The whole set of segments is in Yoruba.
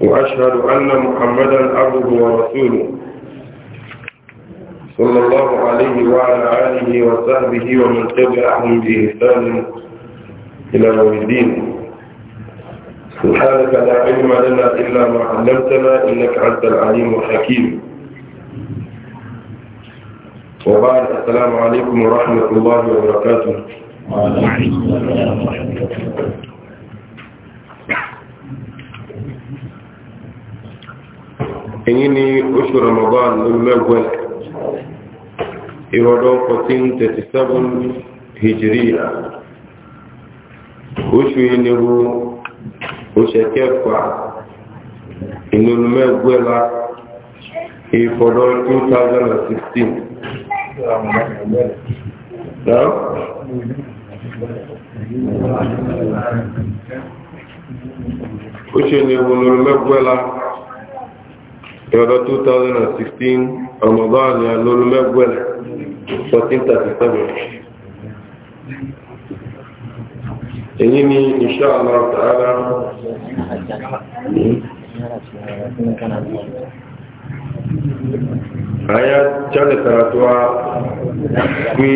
وأشهد أن محمدا عبده ورسوله صلى الله عليه وعلى آله وصحبه ومن تبعهم بإحسان إلى يوم الدين سبحانك لا علم لنا إلا ما علمتنا إنك أنت العليم الحكيم وبعد السلام عليكم ورحمة الله وبركاته وعليكم السلام ورحمة الله èyí ni oṣù ramadan ló mẹ́gbẹ́ ìrọ̀dọ̀ 1437 hijiriya oṣù yìí ni wo oṣù kẹfà ìlú mẹ́gbẹ́ la ìfọ̀dọ̀ 2016 oṣù yìí ni wo ló mẹ́gbẹ́ la. ìrọ̀lọ́ 2016 ọmọdán ni alóòrùn mẹ́gbẹ̀lẹ̀ 1437 èyí ni iṣẹ́ àwọn ọ̀tàrà àyá jálẹ̀ tààtọ́wà pé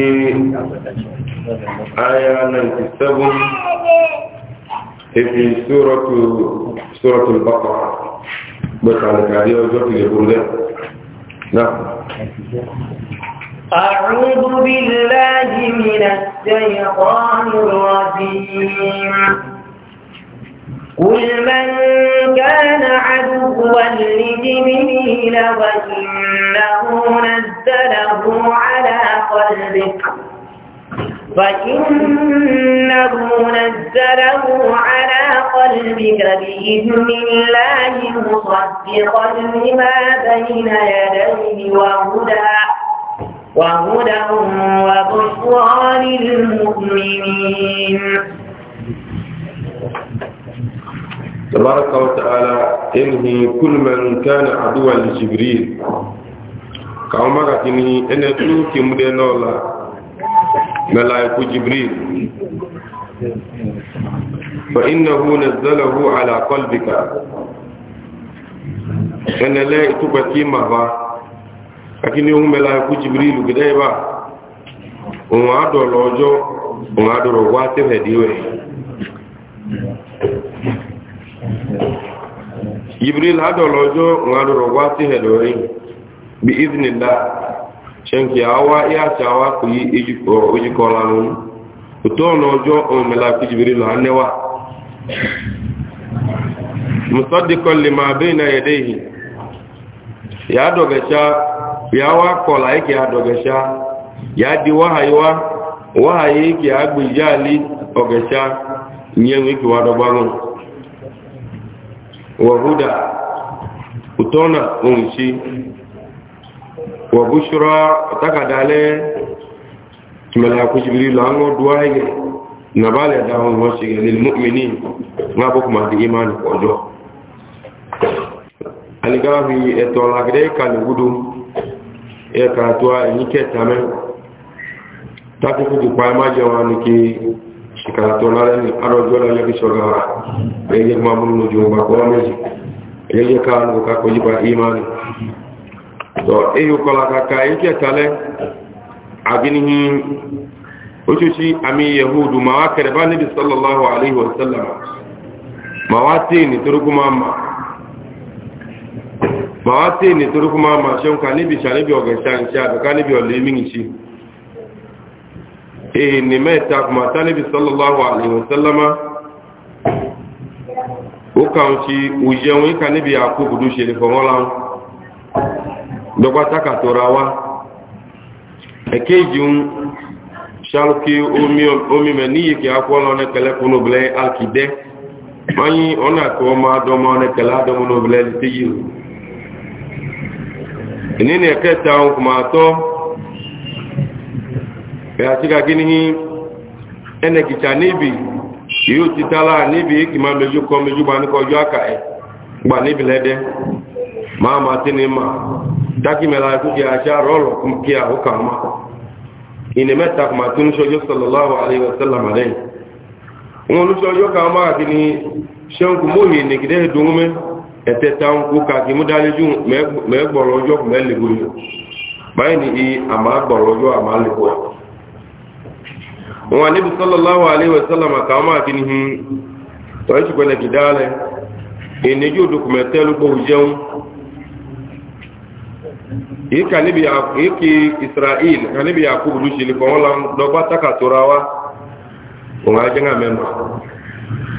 àyá 97 èfì sórọ̀tù bákọ̀ọ́ بخالك هذه وجهك يقول نعم أعوذ بالله من الشيطان الرجيم قل من كان عدوا لجبريل وإنه نزله على قلبك فإنه نزله على قلبك بإذن الله مصدقا لما بين يديه وهدى وهدى وبشرى للمؤمنين تبارك وتعالى إنه كل من كان عدوا لجبريل كما قالت إنه أنا مدينه الله ملائكة جبريل فإنه نزله على قلبك أنا لا أتبكي مهبا لكن يوم ملائكة جبريل كدائبا وعد الوجو وعد الرواتب هديوه جبريل هذا الوجو وعد الرواتب هديوه بإذن الله enke awa ya chawa ku yi ejiko ojiko lanu to no jo o mela ku jibril anewa musaddiqan lima bayna yadayhi ya dogesha ya wa kola yake ya dogesha ya di wahaywa wahayi yake agbijali ogesha nyewe ki wa dobangu wa huda utona unshi وبشرى تقعد عليه ملاك جبريل عنه دعائه نبال يدعه الوشي للمؤمنين ما بكم هذه إيمان وجو aligafi ẹ̀tọ́ ọ̀làgẹ́dẹ́ ìkàlẹ̀ gúdú ẹ̀kà tó ẹ̀yìn kẹta mẹ́ tákùkù ti pa ẹmá jẹun ní kí ṣìkàtọ̀ lárẹ́ ní arọjọ́ lọ́yẹ́ fi ṣọ́gá rà ẹ̀yẹ́ máa múnú ojú ọgbà tọ́ eyi kọla kaka ike talẹ́ aginihi oṣooṣi ami Yehudu ma wá kẹrẹ bá níbi sallallahu alaihi wasallam ma wá tí ní torúkú máa ma ma wá tí ní torúkú máa ma ṣe ń ka níbi ṣàníbi ọ̀gẹ̀ṣà ń ṣe àbẹ̀ká níbi ọ̀lẹ́ mí ṣe na ni mẹ́ta kùmà tá níbi sallallahu alaihi wasallam ó kàn ṣe òjẹun ìka níbi àkókò dúṣe ní fọwọ́n dɔgba takatɔra wa ekeji ŋu saluki omi mɛ niyi ke na ne kɛlɛ kunu blɛ akidɛ manyi ɔna tɔ ma dɔmɔ ne kɛlɛ adɔmɔ no blɛ yi o nini ɛkɛta ŋu kuma tɔ ati ka kini hi ene kitsa nibi yi ti ta la nibi ekima meju kɔ meju ba ne kɔjɔ aka yɛ e. gba nibi lɛ dɛ. máa ma tí ni ma dákìmẹ́lá ikú ị a ṣá rọ́ọ̀lọ̀ kún kí a ó kà má ìní mẹ́ta kò máa tún ṣọjọ́ sọlọ́láwọ̀ aléwọ̀sẹ́lámà lẹ́yìn wọn ló ṣọjọ́ kà má kí ni ṣẹ́nkù mọ́hìn nìgídẹ́ dùn mẹ́ ẹ̀tẹ́ táwọn kú kà ni i ni yìí ka níbi yìí israel ka níbi yakubu ló ṣe lè fọwọ́ la lọ́gbà taka tóra wa òun á jẹ́ngà mẹ́nu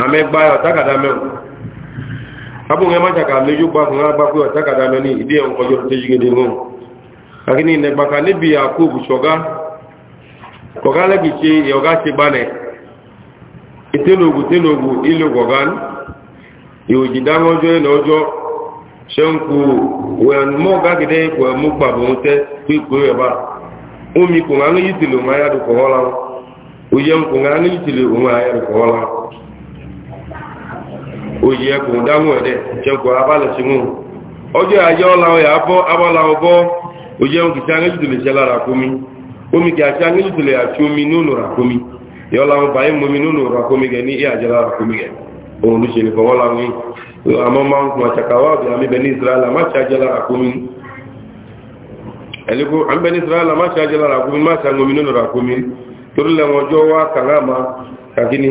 amẹ́gbá ọ̀takàdá mẹ́nu abúlé ẹ̀ má jàkà lójú gbà fún agbá pé ọ̀takàdá mẹ́nu ìdí ẹ̀ ń kọjọ́ tó ṣe gidi wọn. akíní ìnẹ̀gbà ka níbi yakubu ṣọ̀gá kọ̀gá lẹ́bi ṣe ìyọ̀gá ṣe gbanẹ̀ ìtẹ́lógù tẹ́lógù ìlú kọ̀gá ìwòjì dáná ọjọ́ ẹ̀ ṣẹ́nkù wẹ̀mọ́gagidẹ́ ikọ̀ ẹ̀mú pàbọ̀n tẹ́ pípò ẹ̀bá omi kò ńlá yìí tìlẹ̀ òun ayáàdù kọ̀ọ́lá oyè kò ńlá yìí tìlẹ̀ òun dáhùn ẹ̀dẹ̀ sí mú ọjọ́ ayé ọ̀la ọ̀yà kómi omi kì í ya tìlẹ̀ àti omi nínú rà kómi yọ̀ọ́la ọba yẹn mọ́mi nínú rà kómi gẹ̀ ní kómi gẹ̀ òun ló ṣe la àmọ́ máa ń kùn àṣàkàwàbì àmì bẹni israẹla má ṣe ajẹ́ lára kómi ẹ̀lẹ́kọ́ àmì bẹni israẹla má ṣe ajẹ́ lára kómi má ṣe àwọn ominú lára kómi torí lẹ́wọ̀n ọjọ́ wá kàráàmà kàkí ni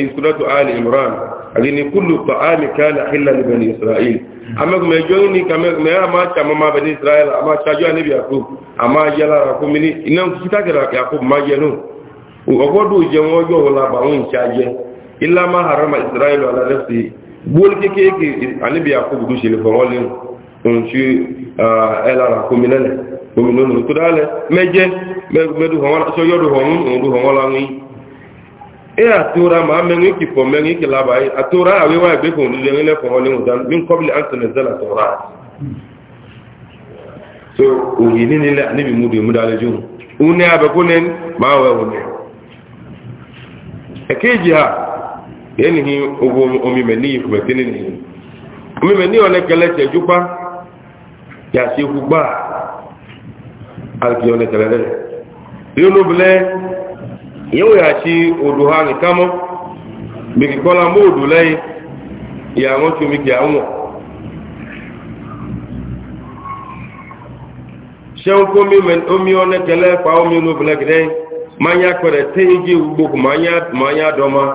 ìsúlẹ̀tù àlì imran àti ni kúlù pa àmì káàlì àkílà ní bẹni israẹl amẹ́kùn mẹ́jọ ní kàmẹ́kùnmẹ́ àmà ṣe àmọ́ má bẹni israẹla àmà ṣe ajọ́ àníbi àkó àmà ajẹ́ lára kómi ní iná kíkàkẹ́rẹ́ àkó má jẹ nù bóòlù kékeré àníbi àkóbùdó ṣe lè fọ̀rọ̀ lé ohun tí ẹ lára kómi lẹ́lẹ̀ kómi lónìí tó dálẹ̀ mẹ́jẹ́ mẹ́dùhọ̀wọ́n ọ̀hún ee atora ma amenwe ki fo menwe ki laba yi atora awe wa gbe kun le a fo le min an tora so o yini ni la ni bi mudu mudale jun une maa ha yenihi ogun omime ni ifume kini ni omime ni ole kele se jupa ya se gugba alki ole kele le yonu bile yewu ya chi oduha kamo biki kola mo odule ya won ti mi ki awon seun omi ole kele pa omi onu bile gide manya kwere teji ugbo doma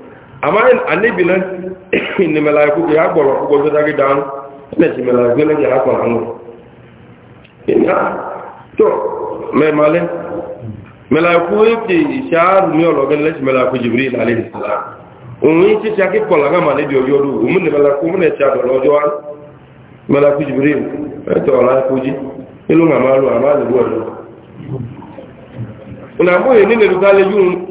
amma in annabi nan in malaiku ya gboro ko zo dage dan ne ci malaiku ne ya ko an ina to me male malaiku yake ishar mi ologan le ci malaiku jibril alayhi salam oni ci ci ake ko la ma ne dio yodu mun ne malaiku mun ne ci ado lojo an malaiku jibril to ala ko ji ilu ma malu amale bo do una boye ni ne dugale yun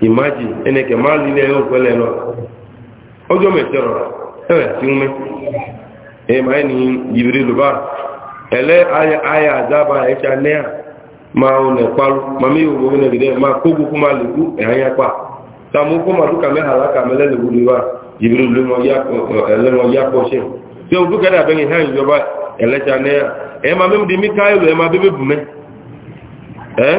ìmájì ẹnẹkẹ máa lè ya ẹ̀họ́ pẹ̀lẹ̀ lọ ọjọ́ mẹ́tẹ̀rọ ẹ̀rẹ̀ tí ń mẹ́ ẹ̀mà ẹni yìbìrì lùbá ẹ̀lẹ́ ayà àjábà ẹ̀ṣà náà máa ọ̀nà ìparú máa mí òwò ẹ̀nà ìdẹ́ máa kógun fún máa lèkú ẹ̀hányá pa tàmú fún máa dúkà mẹ́hà láka mẹ́lẹ́ lèkú lùbá yìbìrì lùmọ̀ yá ṣe tí o dúkà dà hàn ìjọba ẹ̀lẹ́ṣà náà ẹ̀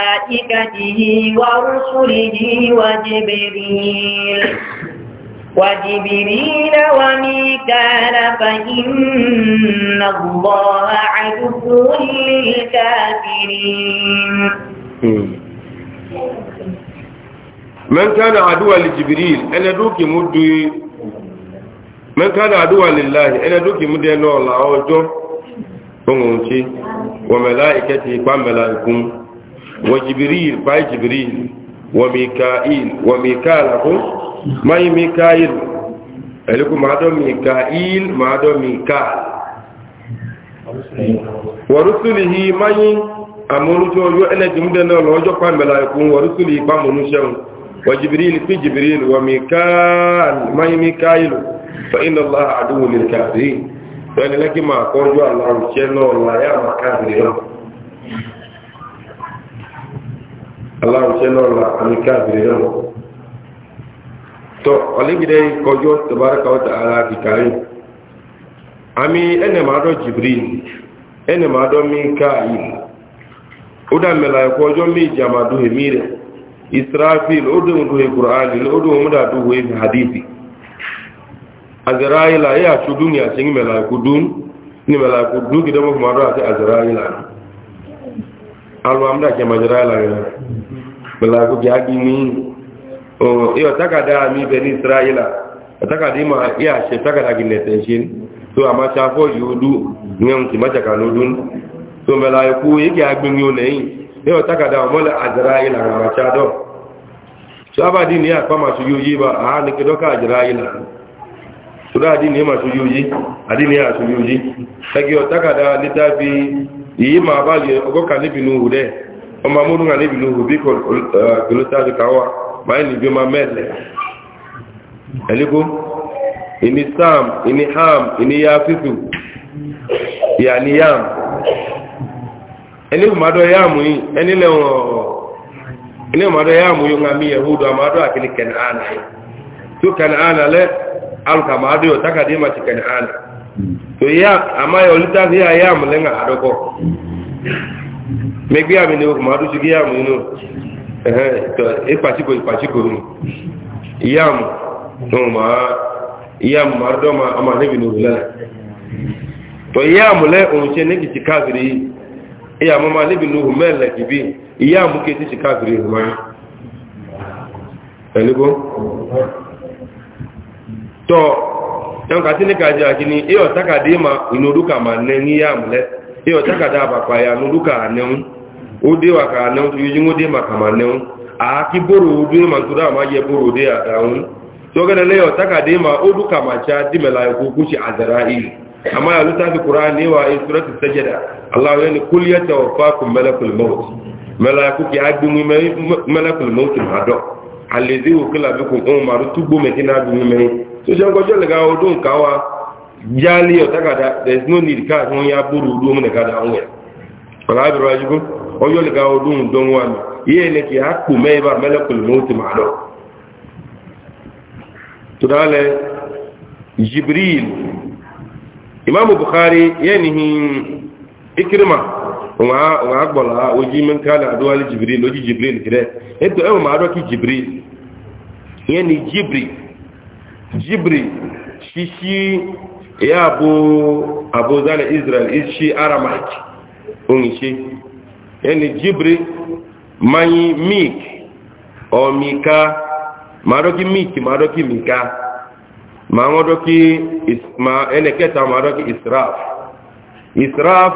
وملائكته ورسله وجبريل وجبريل وميكال فإن الله عدو للكافرين من كان عدوا لجبريل أنا دوكي مدي من كان عدوا لله أنا دوكي مدي أنه الله أوجه وملائكته وملائكم وجبريل باي جبريل وميكائيل وميكال ماي ميكائيل ألكم ما دو ميكائيل ما دو ميكال ورسله ماي أمونجو يو أنا جمدنا لوجو قام ملايكون ورسله قام منشون وجبريل في جبريل وميكال ماي ميكائيل فإن الله عدو للكافرين يعني لك ما قرجو الله شنو الله يا مكافرين aláwùjẹ́ lọ́la àmì káàkiri náà tọ́ ọ̀lẹ́gidẹ́ kọjú tẹbárakà ọ̀tà ara kìkàrí àmì ẹnẹ̀mọ́dọ̀ jibril ẹnẹ̀mọ́dọ̀ mikael ó dàmẹ́lá ẹ̀kọ́ ọjọ́ méjì àmàdù èmì rẹ̀ israfil ó dùn dùn èkùrọ̀ àlè ó dùn múdà dùn wọ́n èmì hadithi azaraila ẹ̀ àṣọ dùn ní àṣẹ́yìn mẹ́lá ẹ̀kọ́ dùn ní mẹ́lá ẹ̀kọ́ dùn kìdọ́mọ́ fún alụ amda ke majara ala ya bala ko ga gi mi o iyo taka da mi be ni israila taka di ma ya she taka da gine tenshin to ama cha fo yudu ngam ki maja ka lodun to bala ku yi ga gi mi o nei iyo taka da mo la azraila ga ma cha do so abadi ni apa ma su yuji ba a ni ke do ka azraila so da di ni ma su yuji adi ni a su yuji taki o taka da litafi iyi ma ba le ogo ka nibi nuhu de o ma mu nga nibi nuhu bi ko gelo eh, ta de kawa ba ni bi ma mele eligo ini sam ini ham ini yafisu yani yam eni ma do yamu yi eni le o eni ma do yamu yo nga mi yehudu ma do akini kenana to kenana le aluka ma do takadima ti kenana to ya ama yo lita fi ya mu lenga adoko me gbe ni o ma du ya mu no eh to e e ni ya mu to ma ya mu mardo ma ama ne bi la to ya mu le o se ne ki ya mu ma ne bi no mele ki bi ya mu ke ti kafiri to ẹ̀wọ̀n kàtí ní kàájẹ́ ni ẹ̀yọ̀ takàdé ma ìnodúkà ma nẹ ní yá mùlẹ́ ẹ̀yọ̀ takàdá àbàpà ya nodúkà ànẹ́un ó dé wà kà ànẹ́un tó yíjú ó dé ma kà ma nẹ́un àákí bóró odó ma tó dá ma yẹ bóró dé àdáhùn tọ́gẹ́dẹ́ lẹ́yọ̀ takàdé ma ó dúkà ma cha dìmẹ̀lá ẹ̀kú kú sí àzàrà ìlú àmá yà tàbí kura ní wa ìsúrẹ́tì sẹ́jẹ̀dà aláwọ̀ yẹn ni kúlíẹ̀ tẹ̀ ọ̀fà kù mẹ́lẹ́kùlù mọ́ọ̀tì mẹ́lẹ́kùlù mọ́ọ̀tì mà alèdè wò kílà bí kò ń maru túgbò mẹ́tí náà dùn mẹ́rin tó ṣe ń kọjọ́ lẹ́ka ọdún nǹkan wa jáálé ọ̀tàkàdá there is no need káà tí wọ́n yá bóró odó ọmọ nìkadà àwọn ẹ̀ ọ̀rọ̀ àbẹ̀rẹ̀ wájú kó ọjọ́ lẹ́ka ọdún dán wa mi yíyẹ ní kì í àpò mẹ́ẹ̀bà ló ti máa lọ. jibril imaamu ikirima nga gbɔla o ji min na adowali jibril o jibiri jibril kirɛ eto ewu maa jibiri. ki jibril jibiri ni jibri jibri ya abo abo zana israel isi aramak ongi si nye ni jibri manyi mik ɔ mika maa dɔ ki mik maa dɔ mika maa ŋɔ dɔ ki israf israf.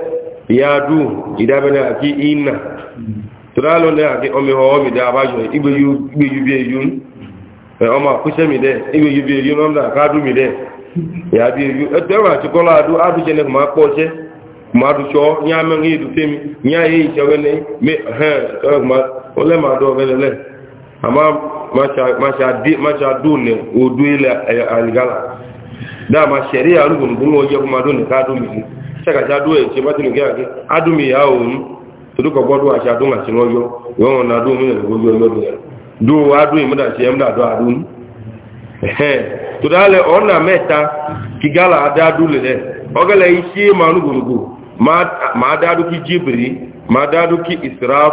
yaadu idabena aki ina turalo ne aki omi ho mi da abajo igbe yu igbe yu bi eyun e o ma kuse mi de igbe yu bi eyun onda ka du mi de ya bi yu e to wa ti ko la adu adu je ne ma po je ma du so nya me ngi du temi nya yi e je we ne me he to ma o le ma do we le ama ma cha ma cha di ma cha du ne o du ile e, aligala da ma sheria lu gun gun o je ko ma do ne ka du mi ṣẹ́kàṣá dúró ẹ̀ ṣe bá ti nìkẹ́ àkẹ́ adúmi ìyá òun torúkọ̀ gbọ́dọ̀ àṣà tó ń wọ́n yọ ìwọ́n wọn adúmi mílẹ̀ lógójú ọlọ́dún ẹ̀ dúró adúmi mọ́dà ṣe ẹ̀mdà dọ́ adúmi ọ̀nà mẹ́ta kí gálà adádú lẹ̀ ọgẹ́lẹ̀ ma máa ń israf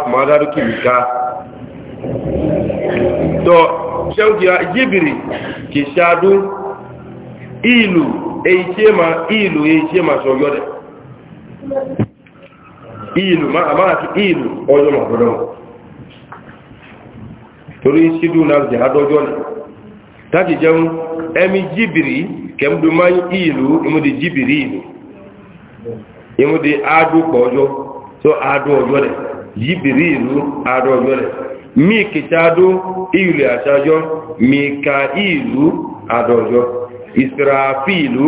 ìlú máa ti ìlú ọjọ́ mọ̀gbọ́dọ̀ torí sídú náà jẹ́ náà tàbí jẹun ẹmí jìbìrì kẹmdù máa ìlú ìmúdi jìbìrì ìlú ìmúdi adú ọjọ́ tó adú rẹ̀ jìbìrì ìlú adú rẹ̀ mí kìtàdú ìlú àṣàjọ́ mí ka ìlú ìsìràfí ìlú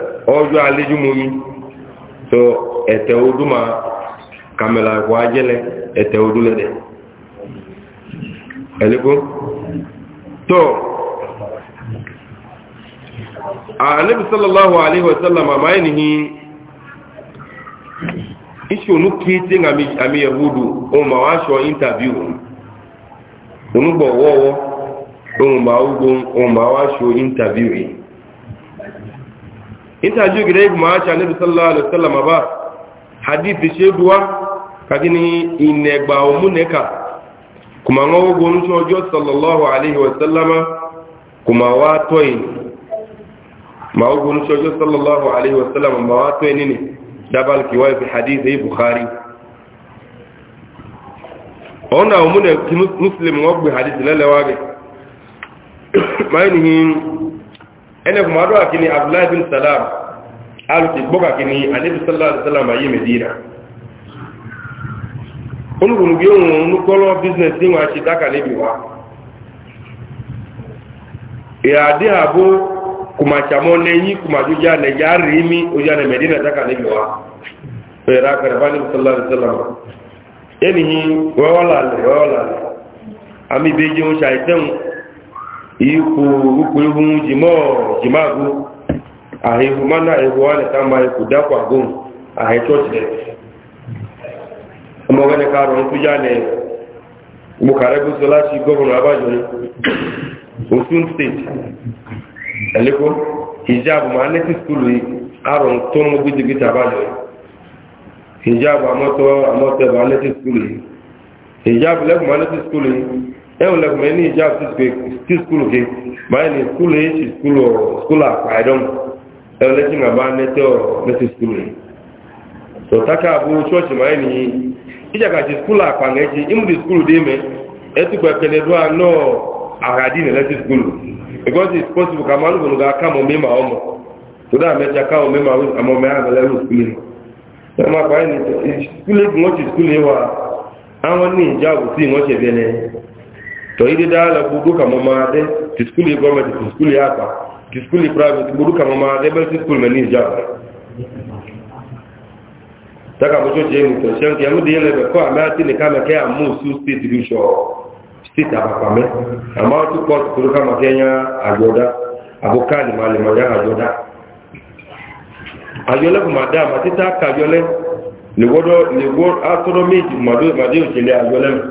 ọjọ́ àlejò tó ẹ̀tẹ̀ ma kàmẹ̀lá ẹ̀kọ́ ajẹ́lẹ̀ ẹ̀tẹ̀ odú ẹ̀lẹ́kọ́ tó àníbi sallallahu alaihi wasallam a máa iṣẹ́ onú kéte àmì yahudu ohun ma wá ṣọ interview onúgbọ̀wọ́wọ́ wá ṣọ yìí inta ju gida ibu ma'acha nabi sallallahu alaihi wasallam ba hadithi sheduwa kagini inegba omuneka kuma ngo gonu chojo sallallahu alaihi wasallam kuma watoi ma gonu chojo sallallahu alaihi wasallam ma watoi nini dabal kiwai fi hadithi bukhari ona omune muslim ngogbe hadithi lele wage mayini ene kuma do akini abdullah bin salam alti boka kini anabi sallallahu alaihi wasallam ayi medina olugunu bi ohun nu kolo business ni wa ti daka ni bi wa ya di abo kuma chamo ne yi kuma ju ja ne ja rimi o ja ne medina daka ni bi wa pe ra ka rabani sallallahu alaihi wasallam eni wa wala wa wala ami beje o shaitan ikwu ukwu ihu jimagụ ahịhụ mana ihu a leta ma ikwu dakwa ahị chọchị ọmọgẹ́ni karùn ún tújá ní bukarẹ́ bí sọ láti gọ́ọ̀nà abájọ́ osun steeti ẹ̀lẹ́kọ́ hijab ma nẹ́tí skúlù arùn tó mú gidigidi abájọ́ hijab amọ́tọ́ amọ́tẹ́bà hijab ma ẹ̀wọ̀n lẹ́kùnmọ́ ní ìjà sí skúlù kí báyìí ní skúlù yìí sí skúlù ọ̀rọ̀ skúlù àpàìdán ẹ̀wọ̀n lẹ́tí nà bá nẹ́tẹ́ ọ̀rọ̀ nẹ́tí skúlù yìí tó tákà máa ní ìjàkà skúlù skúlù dé mẹ́ àràdì skúlù because it's possible kà máa ká mọ̀ ọmọ àwọn ní ìjà lẹ́yìn to ide dala budu kama maade tiskuli government tiskuli hapa tiskuli private budu kama maade bali tiskuli meni jaba taka mojo je ni to shanki amu de yele ko amati ni kama ke amu su state bisho state hapa kame ama tu kwa kudu kama Kenya ajoda abokali mali moja ajoda ayole kuma da matita kayole ni wodo ni wodo astronomy madu madu chele ayole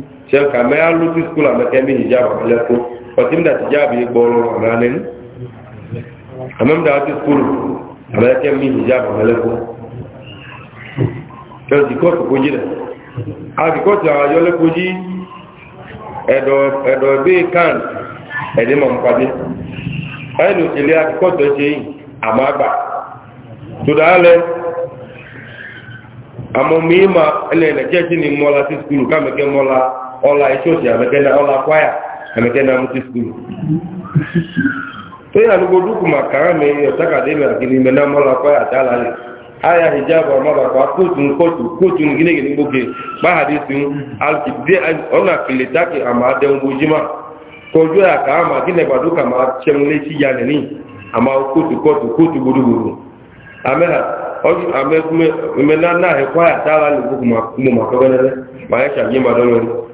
tiɲɛ ka mɛ alu ti sukulu amɛ kɛ mi hijab amɛ lɛ ko pati mi da ti jaabi ye gbɔɔrɔ amɛ anɛni amɛ mi da ti sukulu amɛ kɛ mi hijab amɛ lɛ ko tiɲɛ ti kɔɔtu ko dzi dɛ a ti kɔɔtu ayɔ lɛ ko dzi ɛdɔ ɛdɔ bi kan ɛdi ma nkpadi ɛnu ele a ti kɔɔtu ɛsɛ yi ama gba to da alɛ amɔ mi ma ɛlɛ ɛlɛ tiɛ ti ni mɔ la ti sukulu k'amɛ kɛ mɔ la. ọla ichochi amekena ọla kwaya amekena mụti skulu onye alụgo dukwu maka ha ma ọtaka dị maka n'ime na mọla kwaya dalali aya hijab amabakwa kotun kotun kotun ginegine gboke gbahadisun alkide ọna kilitaki ama adengwojima kọjú ẹ̀ àkà àmà kí a kà máa ṣẹun létí ya nìní àmà kóòtù kóòtù kóòtù gbogbogbò àmẹ́hà àmẹ́kúmẹ́ náà ẹ̀kọ́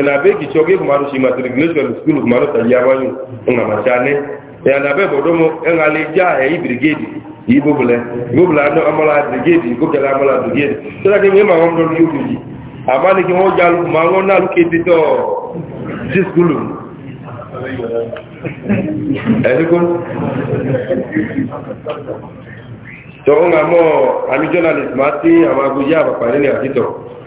na be ki choge ko maru shima matriculation school ko maru tanya wanyu nga machane ya na be bodo mo nga le ja e eh, brigade yi bobule bobula no amala brigade ko kala amala brigade so da ke me ma wondo yu ji amani ki mo jalu ma ngona lu ke dito this school ẹni kó tó ń ga mọ́ àmì journalist máa tí àwọn agbóyá àpapàá nílẹ̀ àtìtọ̀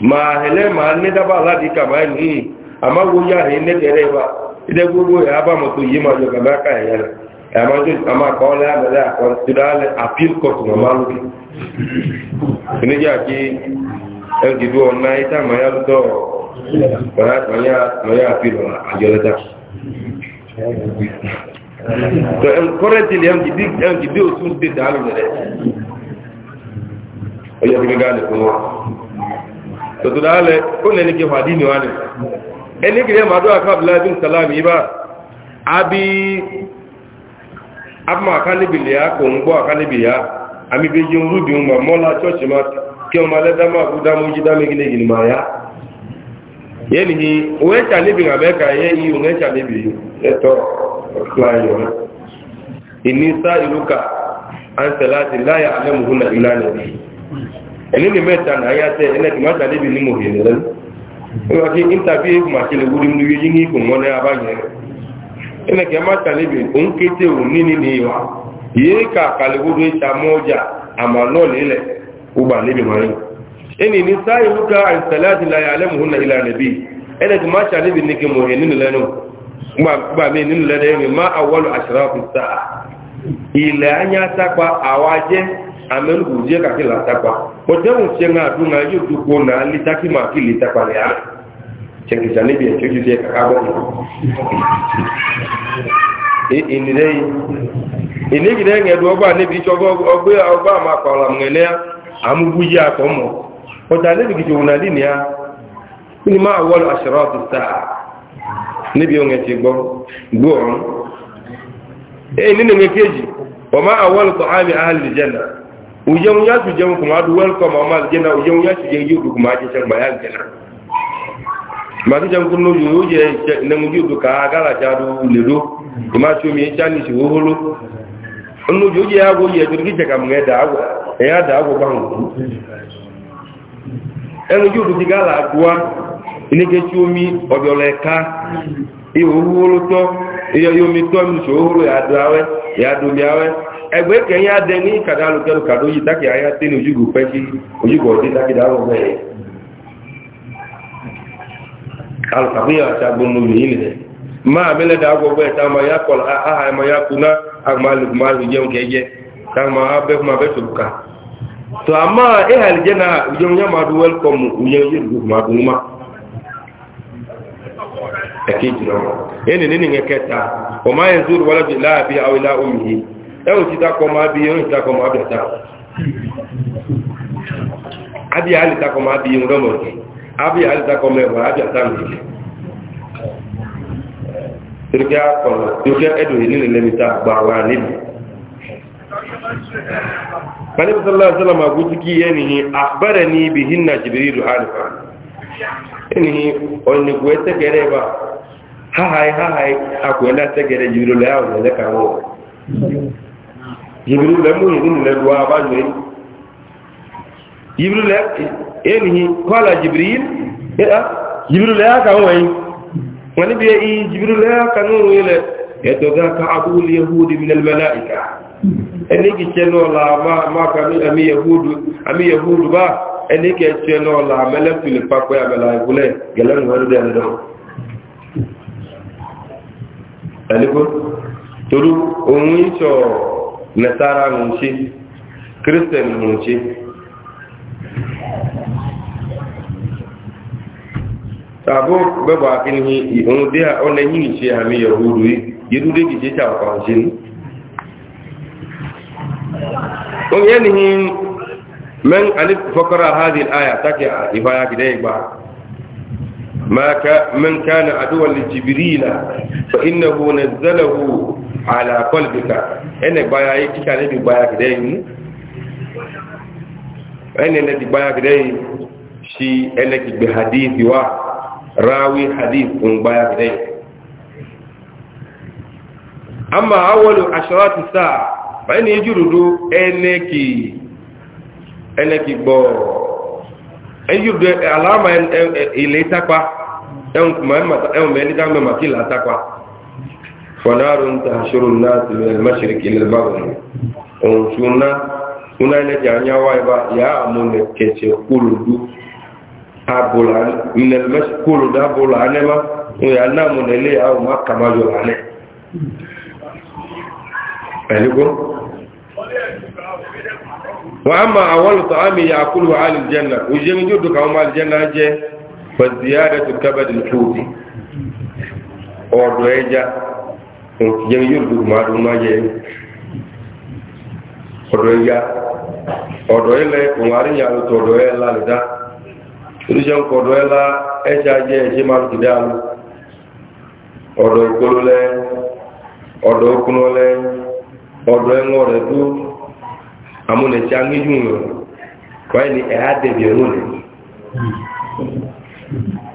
ma hele ma ne daba ala di ka ma ni ama wo ya he ne tere ba ide gbogbo ya ba yi ma jo ka ba ka ya la ama jo ama ko la appeal court ma ma lu ki ni ja ki e di do na ita e ma ya do ba ma ya ma ya appeal ma ta to di am de tòtòdá alẹ́ ó lẹ́ni kí wà dínú wánẹ̀ ẹni kìí ẹmà àdúrà káàbìlá bí n sàlámì ibá àbí ya àkánibìlìyà kò ń gbọ́ àkánibìlìyà ya bí jí ń rúbì ń wà mọ́lá ma kí ọmọ alẹ́ dámà kú dámú jí dámégínégìn ya ka ìlànà ẹlẹ́ni mẹ́ta náà yá tẹ́ ẹlẹ́ni mẹ́ta níbi ní mòhìn lẹ́nu wọ́n ti íńtàbí èkó máa ṣẹlẹ̀ wúrí mú yé ìkùn wọn ní òun kété òun kàlẹ́wọ́dọ̀ ìta àmà níbi ẹni ní sáyé àìsàlẹ̀ àti láyé alẹ́ náà ìlànà bíi kí nínú lẹ́nu gbà mí nínú lẹ́nu má àṣírà amelugu je kaki la takwa potewu chenga dunga yutu na litaki maki litakwa ya chengi chani bi chuchu je kakabo e inirei inigi e nge do ba chogo ogbe ogba ma kwala mngene amubuji akomo potale bi kitu na dini ya ni ma awal ashratu saa ne bi chigo gbo e nini ngekeji ujeun ya su jeun kuma du welcome amma na ujeun ya su je yudu kuma je san bayan ma ti jeun kunu yu je ne mu yudu ka gala ja du le do kuma chu mi ni si hoholo unu ju je ago ye du je kam da e ya da ago bangu enu yudu ti gala a ile ke chu mi ka i to yo mi to mi ya do we ya du mi we. ẹgbẹ́ kẹyìn ya ní kàdálùkẹlù yìí tákì ayá tẹ́ ní ojúgò pẹ́ sí ojúgò ọdí tákì dáwọ̀ bẹ́ẹ̀ àti agbóhùn yìí nìyẹn máa mẹ́lẹ̀ dáwọ̀ ya a máa yá kọ̀lá ẹ̀ máa yá kuná àgbàlù máa lù jẹun a a kẹta zúrù láàbí àwọn ilá omi yìí ẹwọ títa kọ máa bí irun títa kọ máa bẹ̀ ta abi ali ta kọ máa bí irun lọ́mọ rẹ̀ abi ali ta kọ mẹ́wàá abi ata mi rẹ̀ tìrìkẹ́ akọ̀rọ̀ tìrìkẹ́ ẹ̀dùn yìí nílẹ̀ lẹ́mi ta gba wa níbi. sallallahu alaihi wasallam agu ni bi hinna jibirilu alifa ba hahai hahai yìbìrì lẹ mú yìí nílẹ lu àbá yìí yìbìrì lẹ ènìyàn kọ́lá yìbìrì yìí yìbìrì lẹ àkàwọn wọ̀nyí wọn níbi yìí yìbìrì lẹ àkàwọn abúlé yahudu minal malaika ẹni kì í tiẹ̀ náà la ka àmì yahudu àmì yahudu bá ẹni kì í tiẹ̀ náà la mẹlẹ́kùlẹ̀ pàpẹ́ àmẹ́lá nasara nunci kristian nunci tabo gbẹbọ akínihì ìhun dé ọ̀nà yìí ṣe àmì yahudu yìí dé kìí ṣe ṣàpá ṣe ní oye nìyí mẹ́n alif fọ́kọ́rọ̀ àhádìí àyà tákì ìfàyà kìdẹ́ ìgbà من كان عدوا لجبريل فإنه نزله ala kolbika ene gbaya yi kika ne bi gbaya gide yi ene ne bi gbaya gide yi shi ene ki gbe hadithi wa rawi hadith kun gbaya gide yi amma awwalu asharati sa'a fa ene jurudu ene ki ene ki gbo ene jurudu alama ile takwa ehun kuma ehun me ni ga me ma ki la takwa ونار تهشر الناس من المشرق إلى المغرب ونشونا una ne janya waiba ya amune keche kuludu abula min almash kuludu abula anema ya namune le au makama yolane aliko wa amma awwalu ta'ami ya'kuluhu 'ala al-janna ujemi judu kama al-janna je fa ziyadatu kabad al-hudi ordo eja jëm yor bu ma do ma jé ko ya o do ele ko ngari ya lu to do ela le da ru jëm ko do ela e ja jé ji ma lu da eh, lu o do ko lu le o do ku no le o do e ngor e tu amu le ja ngi ju lo ko ni e ha de bi ru le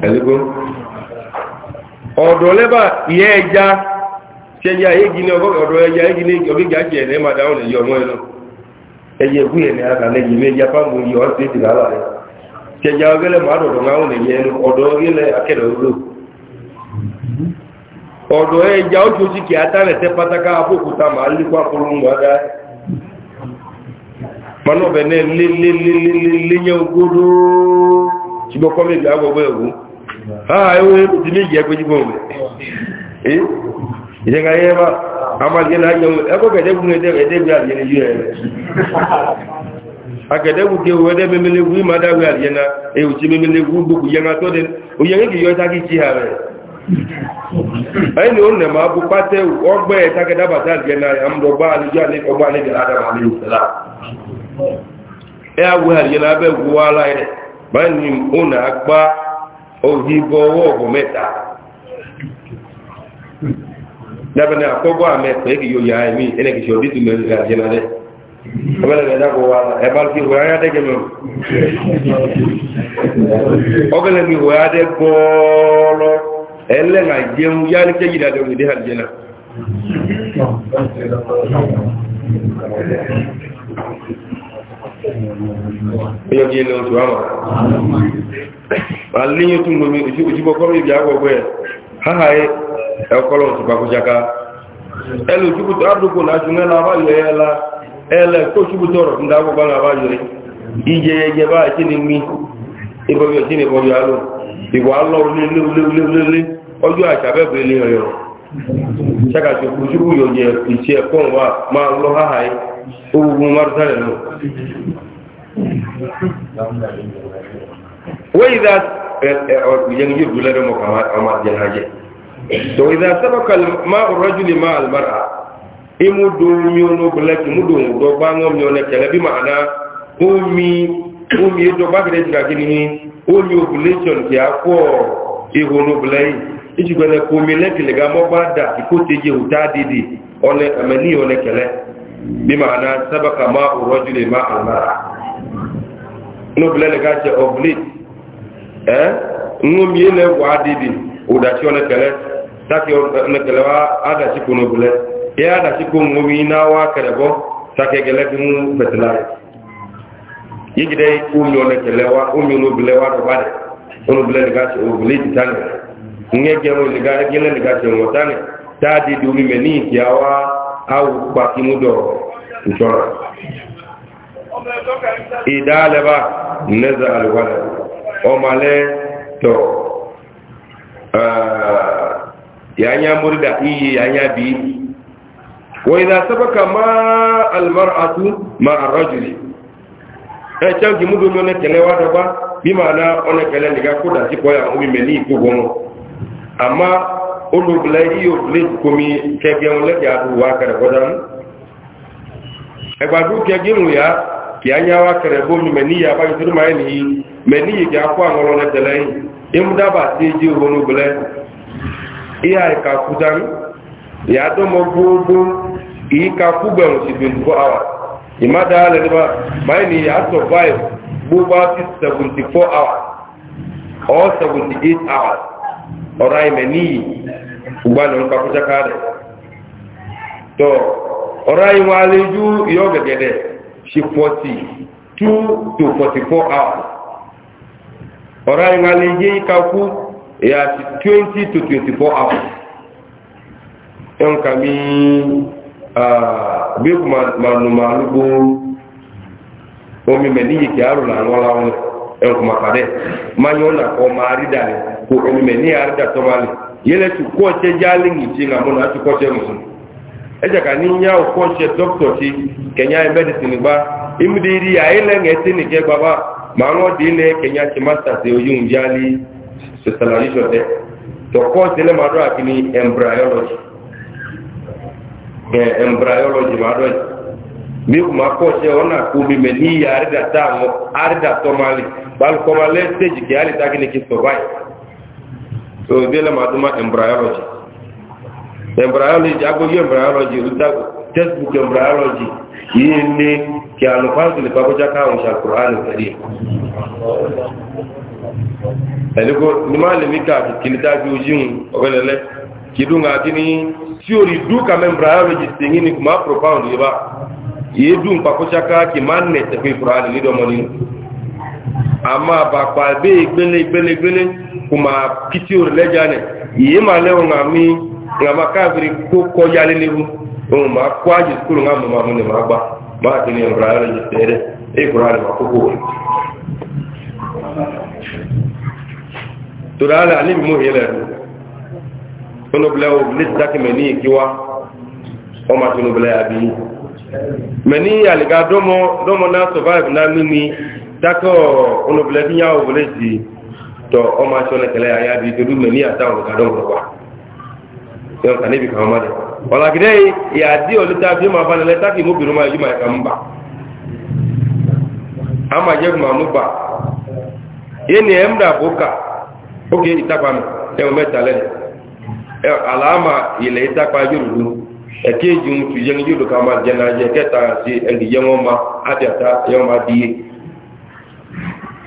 ele ko o do le ba ye ja sẹ́yìn ayé gi ní ọgọ́gọ́dọ̀ ẹyẹ ayé gi ní ọgẹ́gẹ́ àjẹ́ ẹ̀ lẹ́yìn màdà ọ̀nà ìyọ̀mọ́ ẹ̀ lọ ẹyẹ ẹ̀kú yẹn ní ara lẹ́yìn ní ẹyẹ apámu yìí ọ̀ ṣe ìdìbò ọgẹ́lẹ̀ dọ̀dọ̀ ọ̀dọ̀ ọgẹ́lẹ̀ ìjẹ́ka yẹ́ bá amagẹ́lá jẹun ẹkọ́ kẹ̀dẹ́gùn ẹ̀dẹ́gbẹ̀ àjẹ́ni yú ẹ̀rẹ́ akẹ̀dẹ́gùn kí o ẹ̀dẹ́ mẹ́mẹ́lẹ́gùn ìmọ̀dáwẹ̀ àjẹ́na èyí tí mẹ́mẹ́lẹ́gùn gbogbo yẹna tó dẹ oyẹ̀rẹ́ kì yọ sákì tí ààrẹ ẹni ó nẹ̀ máa bú pátẹ́ ọgbẹ́ na àjẹ́na nà á ọwọ́ ọ̀gọ̀ mẹ́ta dabana akɔgbɔ amɛ kpɛ ki yoo yaa mi ɛnɛ kisi ɔdi tun bɛ ɛdi adi na dɛ ɛbɛlɛ bɛ dako wa la ɛbɛlɛ ki wɔ ya dɛ gɛmɛ o ɔbɛlɛ ki wɔ ya dɛ gbɔɔlɔ ɛlɛ ŋa jɛmu yanni kɛ yira dɛ o de adi na. onye gị ile otu ahụ ma ihe otu mgbe ojigbo kọrọ ibi agwọ gwe ha ha ekọrọ ntụpakụchaka ele ojupụta adụkwụ na achụnwe na abalị ela ele kochupụta ọrọ ndị agwụgwa na abalị ije ya ejebe a chini mmi ịbọghị ochini ịbọghị alụ igwe alụ ọrụ lele ule ọjọọ achabe bụ ele yọrọ chakachukwu chukwu yọnye ichie ma ha ha ogun marusale lọ. wọ́n ìdá ìyẹn yóò dúró lẹ́dọ̀ mọ́ ọmọ àjẹ́ náà jẹ́ tó ìdá sábàkà má rọ́jú lè ma àlùmárà imu do mi ono bulaki mu do mu dogba ngo mi ono kele bi maana omi omi edo ba gede jiga gini ni omi ovulation ki akọ ihu ono bulai ijigbe ne ko omi lekele ga mo ba da ikoteje uta didi one ameni one kele bimana sabaka ma urojule ma almara inu bilele ka ce oblit eh ngum yele wadi bi udachi ona kele taki ona kele wa ada kuno ya ada ko kun ngum wa karebo take gele dum betlare yigi dai umi ona wa umi no bile wa do oblit gele awu kpa kimu dɔ ntɔla idaalɛba nɛza aliwala ɔmalɛ tɔ eh, yanya murida iyi yanya bi wa idha sabaka ma almar'atu ma ar-rajuli e eh, chan ki mudu ne kele wa do ba bi mana one kele ni ga ko da ti ko ya mi me ni ko gomo ama olùgbìlá yìí yóò lè komi kẹgẹun lẹ́kẹ̀ àdúwà kẹrẹ kọjá ní ẹgbàdú kẹgẹun ya kì á nyá wa kẹrẹ bómi mẹníyà abájú tó máa nìyí mẹníyà kì á kó àwọn ọlọ́nà tẹ̀lé yìí emu dábàá sí ẹjẹ olùgbìlẹ̀ ìhà ìka kúta ní ìyá dọ́mọ gbogbo ìka kúgbẹ̀rún sí 24 hours ìmádà alẹ́ nípa máa nìyà survive gbogbo 74 hours or 78 hours ọ̀rọ̀ àìmẹ̀ níyì ìgbàlẹ̀ ń pàkúṣáká rẹ̀ tọ́ ọ̀rọ̀ àìwọ̀ àlejò ìyọ́ gẹ̀gẹ̀dẹ̀ ṣe 40 2 to 44 hours ọ̀rọ̀ àìwọ̀ àlejò ìkàkú ìyà ti twenty to twenty 24 hours ẹn kàmí bíkù mànùmàlúgbò omi mẹ̀ níyì kí àrùn àwọn ọlọ́run ẹn kùmàkàdẹ̀ máa yọ́ nà kọ́ máa rí dàrẹ̀ ko enime ni yari da tobali yele tu ko che jali ngi ti nga mona tu ko che musun eja ka ni nya o ko che doctor ti kenya medicine ba imdiri ya ile ngeti ni ke baba ma ngo di le kenya ti master ti oyun jali se salari jote to ko ti le maro akini embryology eh embryology maro mi ma ko che ona ku mi me ni yari da ta mo ari da tomali bal ko ma le stage ke ali ta kini ki survive so bele ma duma embryology embryology agogo embryology uta textbook embryology yìí ni kí alùpàá tó lè pàkójá káwọn ṣe àkùránì tẹ̀lé ẹ̀lẹ́gbọ́ ni máa lè níkà kìlì dájú ojíun ọ̀gbẹ̀lẹ̀lẹ́ kìdún àti ní tí ó rí dúkà embryology sí yìí ni kò máa propound yìí bá yìí dùn pàkójá káàkì máa nẹ̀ tẹ̀fẹ́ ìkùránì nídọ̀mọ́ nínú Ama àbàpà bí ìgbélé ìgbélé ìgbélé kò máa pítí òrì lẹ́jà nẹ̀ ìyé máa lẹ́wọ̀n ńà mí ńà máa káàkiri kó kọjá lé léwu òun máa kó àjè skúlù ńà mọ̀ máa mú gbà máa ti ní rẹ̀ yìí tẹ́rẹ̀ èyí kò máa kókó wọ̀nyí. tòdà àlẹ́ rẹ̀ o lè dákì mẹ́ ní ìkíwá ọmọ tónúbilẹ̀ àbí mẹ́ ní àlìgá dọ́mọ dọ́mọ náà survive náà dakɔ ɔnubila bi nyawo wòle zi tɔ ɔma tsɔ ne kɛlɛ aya bi mɛ ni ka dɔn wòle wa ka ne bi kama dɛ ɔlagidɛ yi yadi ɔli ta ma ba lɛ taki mo biro ma yi ma yi ka mu ba ama je kuma mu ba yé ni ɛmu da ka oke mi alama tu na je keta si ma adi ta yẹn ma di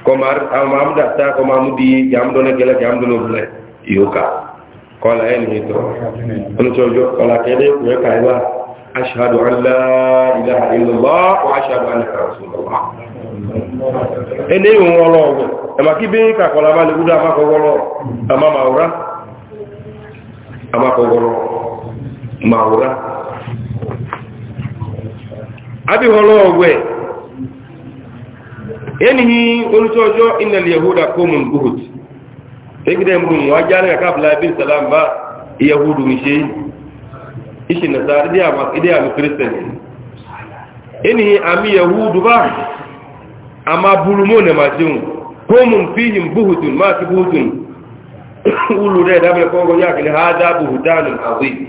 komar amam data komam di jam dole gele jam dole bule yoka kola en hito ono jojo kola kede ku e kaiwa ashhadu an la ilaha illallah wa ashhadu annaka rasulullah ene yo wolo wo e ma kibe ka kola ba le ma ma ama enihi olutojo innal yahuda qaumun buhut egide mbu wajana ka kabla bin salam ba yahudu ni shei ishi na sardi ama ide ama kristen enihi ami yahudu ba ama bulumo ne majun qaumun fihim buhutun ma buhutun ulu re da be kongo yake ni hada buhutanun azim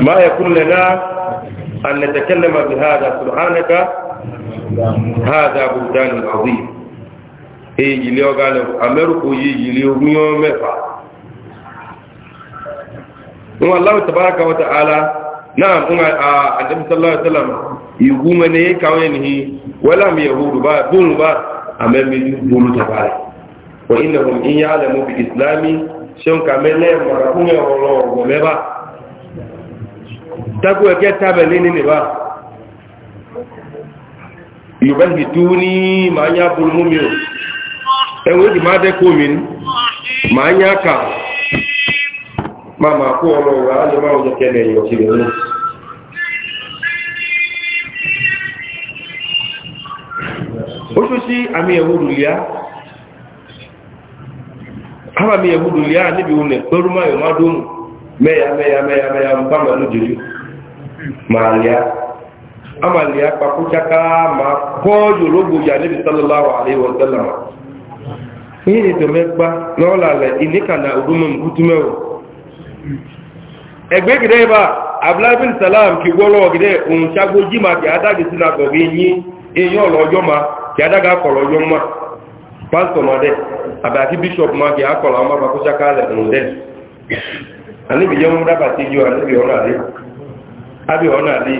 ما يكون لنا أن نتكلم بهذا سبحانك هذا بلدان عظيم إيه جليو قالوا أمركو يجليو ميو مفا الله تبارك وتعالى نعم النبي صلى الله عليه وسلم يقوم نيه كوينه ولم يهود با بون با أمامي بولو تبارك وإنهم إن يعلموا بإسلامي شنك ملي مرحوم الله ومبا dákú ẹ̀kẹ́ tábẹ̀lé nínú ìbá yorùbá sì tú ma màá nyá bolomú mi o ẹ̀wọ̀n èdè má ma mi ní màá nyá kà máa máa kó ọlọ́wọ́ alẹ́ máa ń jẹ́ kẹ́lẹ̀ a sí ìrìn náà. sí àmì ewu lìá àmì ẹ̀wùrù lìá níbi òun ẹ̀pẹ́rú máa yọ̀ dóhùn màlìá amàlìá pàkúṣáká ma kọ́ọ̀yò lógbòyà níbi sálọ́láwà àríwọ̀sẹ́lẹ̀mà ní ètò mẹ́gbá lọ́ọ̀lẹ̀ ala òdúnmọ̀ mùkútúmẹ́wò ẹgbẹ́ gidẹ́ bá abúlábìn a. kí wọ́lọ́ gidẹ́ òun ṣágbójí ma kí adági sí na gọ̀gẹ́ yí eyín ọlọ́jọ́ ma kí adága kọ̀lọ́jọ́ ma pásítọ̀ ma dẹ́ àbàkí ma kí akọ̀lọ́ ma pàkúṣáká abi ona di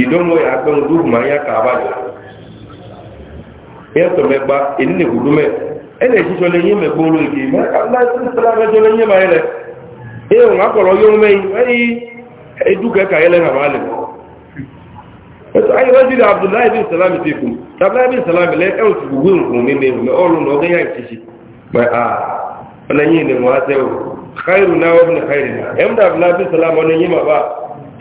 idomo ya gbon du ma ya ka ba ya to me ba eni ne gudu me so le yin me sala ma e o ma koro yo me yi edu ke ka ele na ma le eto ayi wajiri abdullahi bin salam fikum abdullahi bin salam le e o ti gugu nku mi me me no ga ya ti a ona yin ne o khairu na wa ibn khairina abdullahi bin salam ona yin ma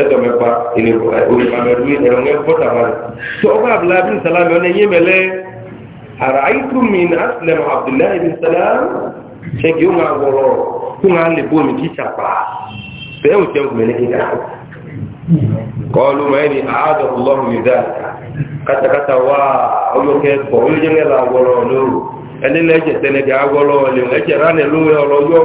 ẹtọ mẹpa ilé olùpàmẹrù ẹrùn ẹgbọta wa tó ọba abdullahi bin salam ọ̀nà yé mẹlẹ araitu min aslam abdullahi bin salam ṣẹ́gi ó máa wọ̀rọ̀ kó máa lè bómi kí sàpà bẹ́ẹ̀ ò jẹun mẹ́lẹ́ kíkà kọlu mẹ́ni àádọ́ ọlọ́run yìí dáa katakata wa ọlọ́kẹ́ bọ̀ ó jẹ́ ńlá wọ̀rọ̀ lóru ẹni lẹ́jẹ̀ tẹ́lẹ̀ gà wọ́rọ̀ lè ẹ̀jẹ̀ ránẹ̀ lóru ọlọ́yọ́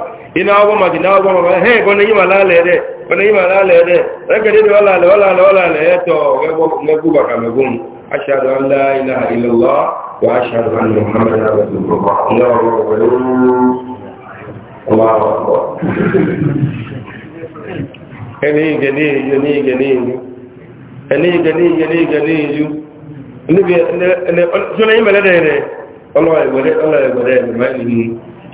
ina agwọ maka ina agwọ maka he ka de lala ere onye ma lala ere dị ọla ala ọla ala ọla ala ya tọ maka megwu m an wa ashhadu anna muhammadan rasulullah Allahu akbar ẹni ìgẹ̀ ní ìjú ní ìgẹ̀ ní ìjú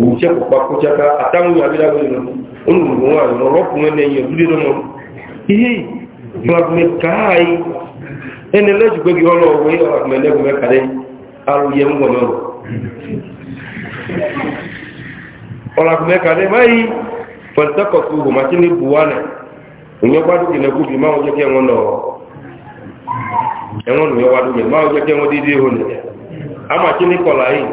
òwúṣẹ́ pọ̀pá kọjáká àtàwọn àbíláwọ̀ ìlú olùgbò wọn àwọn ọlọ́kùnrin ẹni ẹ̀yìn òdúdé lọ́mọ ihe ìfúnabùnmẹ́ káàáyí ẹni lẹ́jùgbẹ́gì ọlọ́ọ̀wẹ́ ọ̀rọ̀mẹ́lẹ́gùnmẹ́ kàdẹ́ arúyẹ ń wọ̀nà ọ̀rọ̀mẹ́ kàdẹ́ báyìí pẹ̀lẹ́tẹ́kọ̀tù òmàtí ní buwana òyìn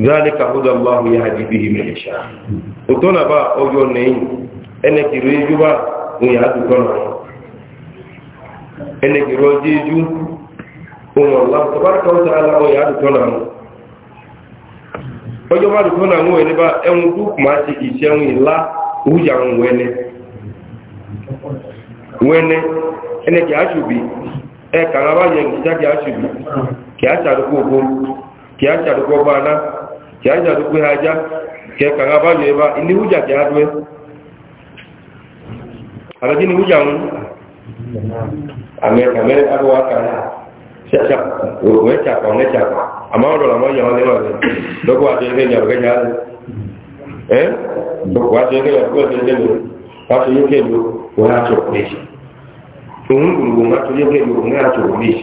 ذلك هدى الله يهدي به من يشاء وتونا با اوجو نين انك ريجوبا ويهدي كنا انك روجيجو وما الله تبارك وتعالى ويهدي كنا ojo ma dùkọ́ náà wọ́n ẹni bá ẹ̀hún tó máa ṣe iṣẹ́ ń ìlà òwúyà ń wẹ́nẹ́ wẹ́nẹ́ ẹni kì á ṣùbí ẹ̀ kàrà bá yẹ kì á ṣàdúkọ́ ògbó kì á ṣàdúkọ́ bá náà kìí ajá tó pé ajá kẹkà ra báyìí ẹba ilé hújà kìí adó ẹ àbẹ̀kí ni hújà ń àmẹ́rẹ́ adówá kan ṣàṣà òwe ṣàkà ọ̀nẹ́ ṣàkà àmọ́ ọ̀rọ̀ làwọn yà wọn lẹ́wọ̀n rẹ̀ lọ́kọ̀ àti ẹgbẹ́ ìyàwó kẹjà rẹ̀ ẹ́ lọ́kọ̀ àti ẹgbẹ́ ìyàwó kẹjà rẹ̀ wọ́n ti yókè lò wọ́n á tó pèsè òun gbogbo wọn á tó yókè lò wọ́n á tó pèsè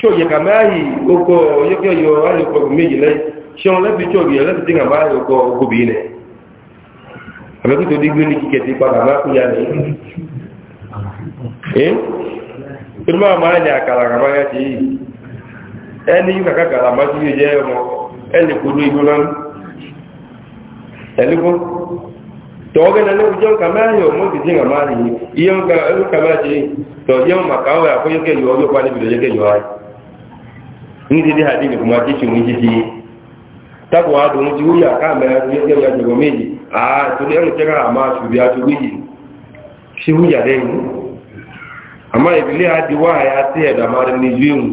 kí òye kà báyìí oko yókè yọ alùpùpù ọ̀gbìn méjì lẹ́yìn ṣé wọn lẹ́bi tí òye lẹ́bi tí kà báyìí oko oko bìí nẹ àbẹ̀kútó dígbé ní kíkẹ́ ti padà má kú ya ní. tó máa máa ní àkàrà kàmá yá ti yìí ẹni yóò kàkà kàrà má tún yóò jẹ́ ọmọ ẹni kò ló igbó lọ́nà ẹ̀lúgbó tọ́ọ́gẹ́ náà lóòjọ́ ń kàmá yọ mọ́ ti dín kàmá yìí iye kàmá yìí tọ́ yẹ́ màkà ọ̀rẹ́ àkóyọ́kẹ́ yọ ọjọ́ pa níbi ìdọ̀jẹ́kẹ́ yọ ayé ní ti dé àdéhùn kò máa kéṣe òun títí tábù wa dùn ti wúyà káàmì ẹgbẹ́ ìyá jọ̀gbọ̀n méjì àá torí ẹ̀rù tẹ́ka àmà ṣùgbì aṣọ wíyì ṣé wúyà lẹ́yìn àmà ìbílẹ̀ àti wá àyà sí ẹ̀dà máa rẹ̀ ní ìlú èwù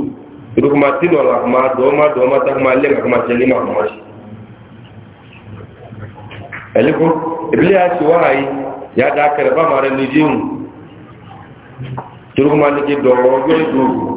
ìdókò máa tí lọ́la kò máa dọ̀ máa dọ̀ máa tákò máa lẹ́gà kò máa ṣẹlẹ̀ máa kò máa ṣe. ẹ̀lẹ́kọ́ ìbílẹ̀ àti wá àyè yàda kẹrẹ̀fà máa rẹ̀ ní ìlú èwù máa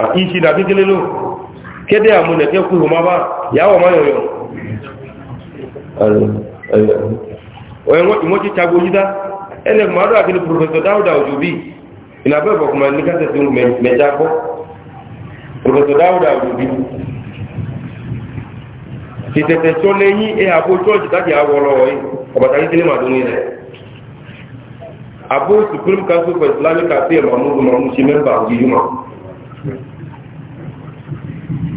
àkíṣì dàbí kílé ló kéde àmúnẹ̀ kí ó kú ìhùmá bá yàwó máa yọ̀yọ̀ ìwọ́n ti tagbo yídá ẹnẹ̀ kùmárù àti ní pòròfẹ́sọ̀ dáúdà òjò bí ìlàbẹ́ ìbọ̀kùnmá ní kásẹ̀sì mẹ́ta kọ́ pòròfẹ́sọ̀ dáúdà òjò bí tìtẹ̀tẹ̀ tó lẹ́yìn ẹ̀ àbó chọ́ọ̀jì láti àwọ̀ ọlọ́wọ́ yìí ọ̀bàtà kékeré màdún ní rẹ̀ àbó supreme council for islamic affairs mahmoud mahmoud ṣe mẹ́mbà òjì yìí mọ́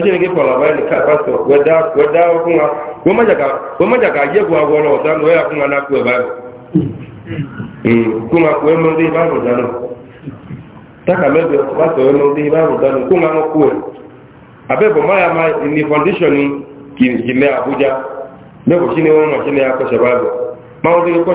kace ne ke fara bayani ka fasto wada wada kuma ko majaka ko majaka ye gwa gwa no san waya kuma na ku ba mm kuma ko mun dai ba mu dano taka mebe ba to mun dai ba mu dano kuma no ku abe bo maya ma ni condition ki ki me abuja ne ko shine won ma shine ya ko shababu ma won ko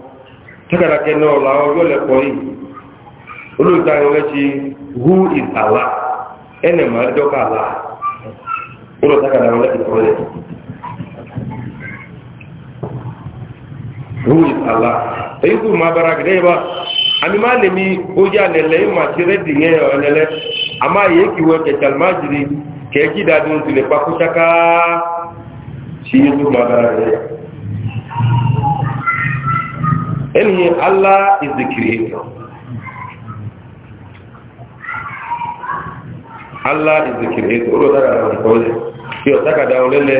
kíkàrà kẹ́nà ọ̀la ọjọ́ lẹ́kọ̀ọ́ yìí olóòtú àwọn ẹlẹ́sì who is allah ẹnẹ̀ máa dọ́kà allah olóòtú àkàrà àwọn ẹlẹ́sì kọ́ lẹ̀ who is allah èyí tó máa bára gẹ́gẹ́ yìí bá àmì máa lè mi ojú àlẹ́lẹ́ yìí máa ti rẹ́dì yẹn ọ̀lẹ́lẹ́ àmà yìí kì wọ́n kẹ̀kẹ́ àlùmáàjìrì kẹ́ẹ̀kì dáadọ́ tìlẹ̀ pakúṣaká ṣí yìí tó máa bára gẹ́gẹ́ Anything Allah is the creator. Allah is the creator. da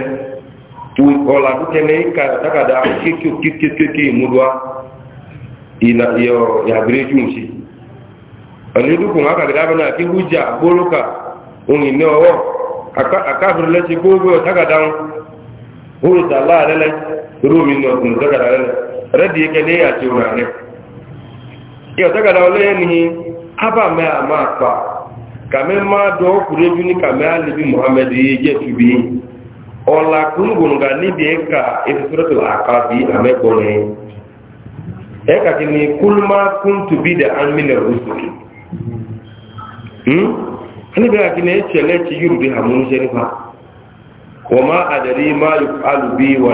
Tu ola duke ka taka da kitu mudwa. yo ya greju Ani ngaka na ki huja boloka. Ungi ne Aka aka ti da. Allah no da rẹ́dì ẹgẹlé àti òun ààrẹ ìyọ̀tẹ́gàdà ọlẹ́yẹn ni ábàmẹ́ àmà àpà kàmẹ́ máa dọ́ ọkùnrin jú ní kàmẹ́ alìbí mohamed yìí jẹ́ tùbí ọ̀là kúrúgbòǹgà níbi ẹ̀ka ìfẹ́sọ́tò àkàbí àmẹ́gbọ́nrin ẹ̀ka kì ní kúlùmá kún tùbí dẹ̀ àmìnà rúṣùlù hmm? níbi àkì ní ẹ̀chẹ̀lẹ̀ tí yóò bí àmúṣẹ́ nípa wọ́n má àdẹ̀rí alùbí wà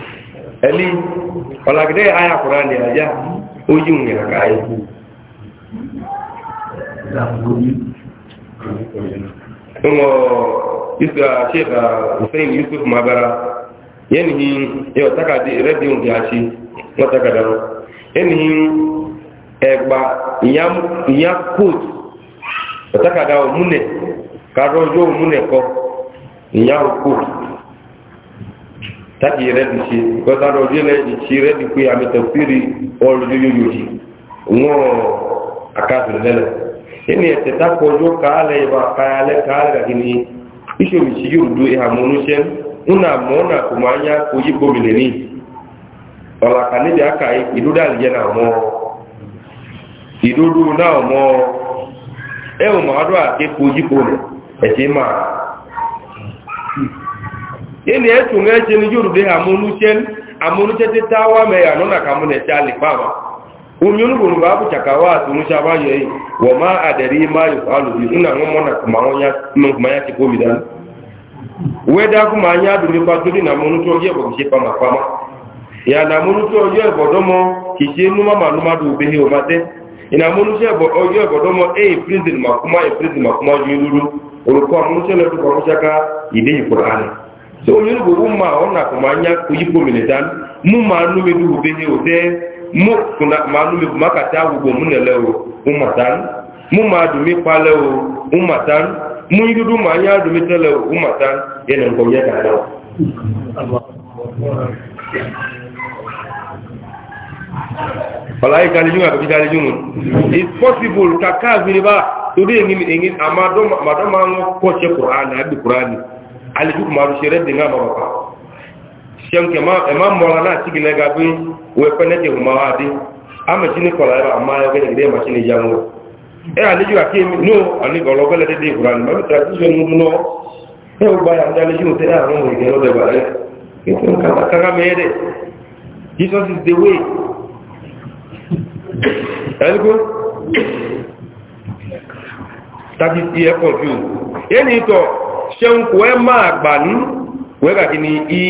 ẹni ọ̀làgídẹ́ àyà kùrá ní àyà ó yí òun ìrìnàkà ayé ọmọ ìsà ṣẹ́ta hussein yusuf mabara yẹni yí yọ takàdé rẹ́dí òun gíàṣí wọ́n takàdá wọn yẹni yí ẹgbà ìyá kóòtù ọ̀takàdá òmúnẹ̀ kàrọ̀ ọjọ́ òmúnẹ̀ kọ ìyá kóòtù taki rẹ́dì ṣe because àrò ojú ẹlẹ́dì ṣe rẹ́dì pé àmì tẹ̀síìrì ọlọ́dúnrún yìí wọ́n àkàtúntò lẹ́lẹ̀ ẹni ẹ̀tẹ̀ tako ojú kàálẹ̀ ìbá kàálẹ̀ kàálẹ̀ kàkí ni iṣẹ́ mi ṣe yóò do ìhàmọ́ oníṣẹ́ ńnà mọ́nà kò máa ń yá oyí gbòmìnir ní ọ̀làkà níbi àkà ìdúdà àlìyẹ́ náà mọ́ ìdúdú náà mọ́ ẹ̀ ò máa dọ́ àkékò yípo rẹ̀ ẹ̀ṣẹ̀ máa. yẹni ẹtù ń ẹjẹ ní yorùbá amúnúṣẹ́ na tí táwà mẹ́yà lọ́nà kàmúnẹ̀ṣẹ́ alìpáwà omi olúborò bá bù ṣàkàwà àtúnṣe abáyọ yìí wọ́n máa àdẹ̀rí máa yòó alùbí nínú àwọn mọ́nà kùmáyà ti kó mi dáná wẹ́dá kùmà á yá dùn nípa tó dín na ọjọ́ ẹ̀bọ̀ kìí ṣe pamàpamá ìyànà àmúnúṣẹ́ na ẹ̀bọ̀dọ́mọ kìí obodo númàmàlúmàdù òbẹ́hẹ òmàtẹ́ ìnà àmúnúṣẹ́ so onye gboro mma ọ na-akụ ma oh, anya oyikpo militan mụ ma anụmebi ubehe ode mụ anụmebu maka ta awụgbo mụ na-ele o mụ ma adụmikpale ụmatan mụ irudu ma anya adụmitele ụmatan yana nke onye ka na ọlaika ni yunga kabita ni yunga it's possible kaka viniba today ngini ngini amado amado mango koche qur'an abi qur'ani aliku maru sere de nga mama pa siyan ke ma e ma mola na tigi na ga bi we pene de ma wa di ama chini kola ma ya gele de ma e aliju akemi no ani golo gele de quran ma mu no e o ba ya da aliju te ara ah, mo ke ro de ba le ke ka ka me de jesus is the way ṣeun kò ẹ máa gbà ní wẹ́ kàkí ni ìí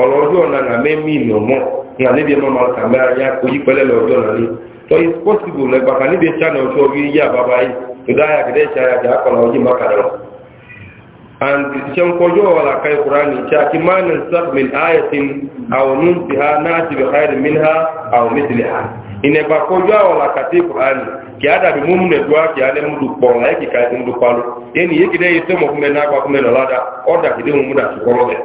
ọ̀rọ̀ ọjọ́ ọ̀nà àmẹ́mí ìnàmọ́ ní àníbi ẹmọ́ máa kàmẹ́ ayá kojú pẹ́lẹ́ lọ́jọ́ náà ní tọ́ is possible lẹ́gbà kan níbi ìṣànà ọjọ́ orí yí àbábá yìí tó dáyà kìdẹ́ ìṣàyà jà kọ̀nà ojú mákàdà lọ. and ṣeun kọjọ́ ọ̀la kan ìkura ní ṣe àti máa ní sàbmin ayatin àwọn ohun ti ha náà ti bẹ̀ káyọ̀ mí ha àwọn mẹ́tìlẹ̀ ha ìnẹ̀gbà kọjọ́ ọ̀la kàtí ìkura ní kì á dàbí múmu nẹ̀dúwà kì á lẹ́mú dùpọ̀ láì kìkà ẹ̀sìn dùpọ̀ lọ eni yeki de yete mo kume na kwa kume no lada oda kide mu muda koro be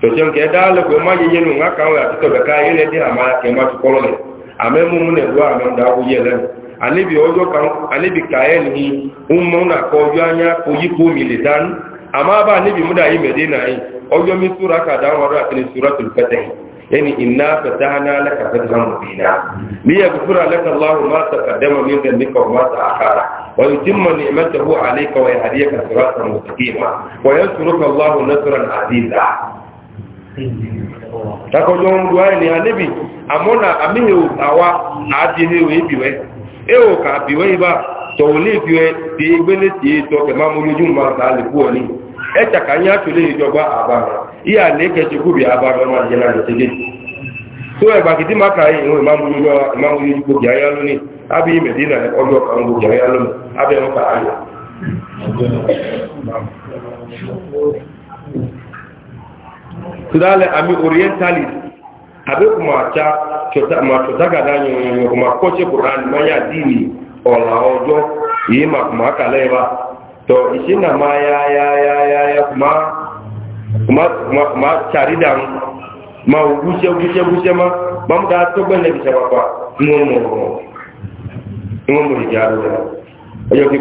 to jem ke dale ko ma yeye no ngaka wa tito be ka yele de ama ke ma koro be ame mu mu ne wa ame da yele ojo kan ka en ni ummo na ko anya ko yi ko mi le dan ama ba yi medina yi ojo mi sura ka da wa ra ni suratul fatih yani inna fatahna laka fathan mubina liyaghfira laka Allah ma taqaddama min dhanbika wa ma ta'akhara wa yutimma ni'matahu 'alayka wa yahdiyaka siratan mustaqima wa yansuruka Allah nasran 'aziza tako jo ndu ay ni anabi amona amihe awa adihe we biwe e o ka biwe ba to le biwe de gbele ti to ke ma mo yoju ma ta le ku oni e ta kan ya to le ijoba abara ihe a na-eke chukwu bi abara ọnwa nje na so ẹgbà kìtì má kàá yìí ìwọ̀n ìmáwúyú yípo kì áyá lónìí ábí mẹ̀dínà ọjọ́ kan gbogbo áyá lónìí ábí ẹ̀wọ̀n àmì orientalist àbẹ́kù máa ma cari dam ma gushe gushe gushe ma ma mu da to ban da bisa baba mu mu mu ayo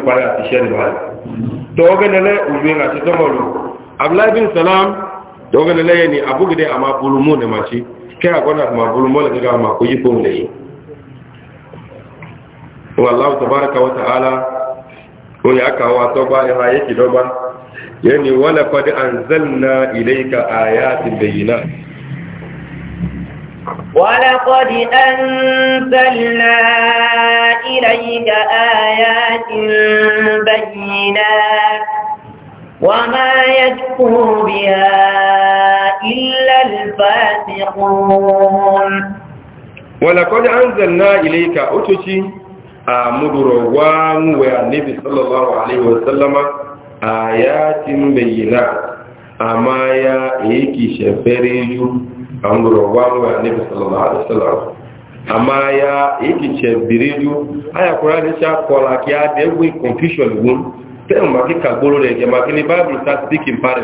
ba to ne le u bi na ti to mo lu abdullah bin ne le ni abu gide ama bulu ma ci ke a na ma bulu mo le ga ma ko yi ko le wallahu tabaaraka wa ta'ala ko ya ka wa to ba ya yake do yani wala kwadi an zanna ilaika a yatin bayyana ولقد أنزلنا إليك آيات بينات وما يكفر بها إلا الفاسقون ولقد أنزلنا إليك أتشي أمدر وانو النبي صلى الله عليه وسلم ayatin bayyana amma ya yake shafere yu an gurgurwa ne sallallahu alaihi wasallam amma ya yake a yu aya qur'ani cha kola ki ade we confusion won tem ma ki kagboro le ke ma ki bible start speaking pare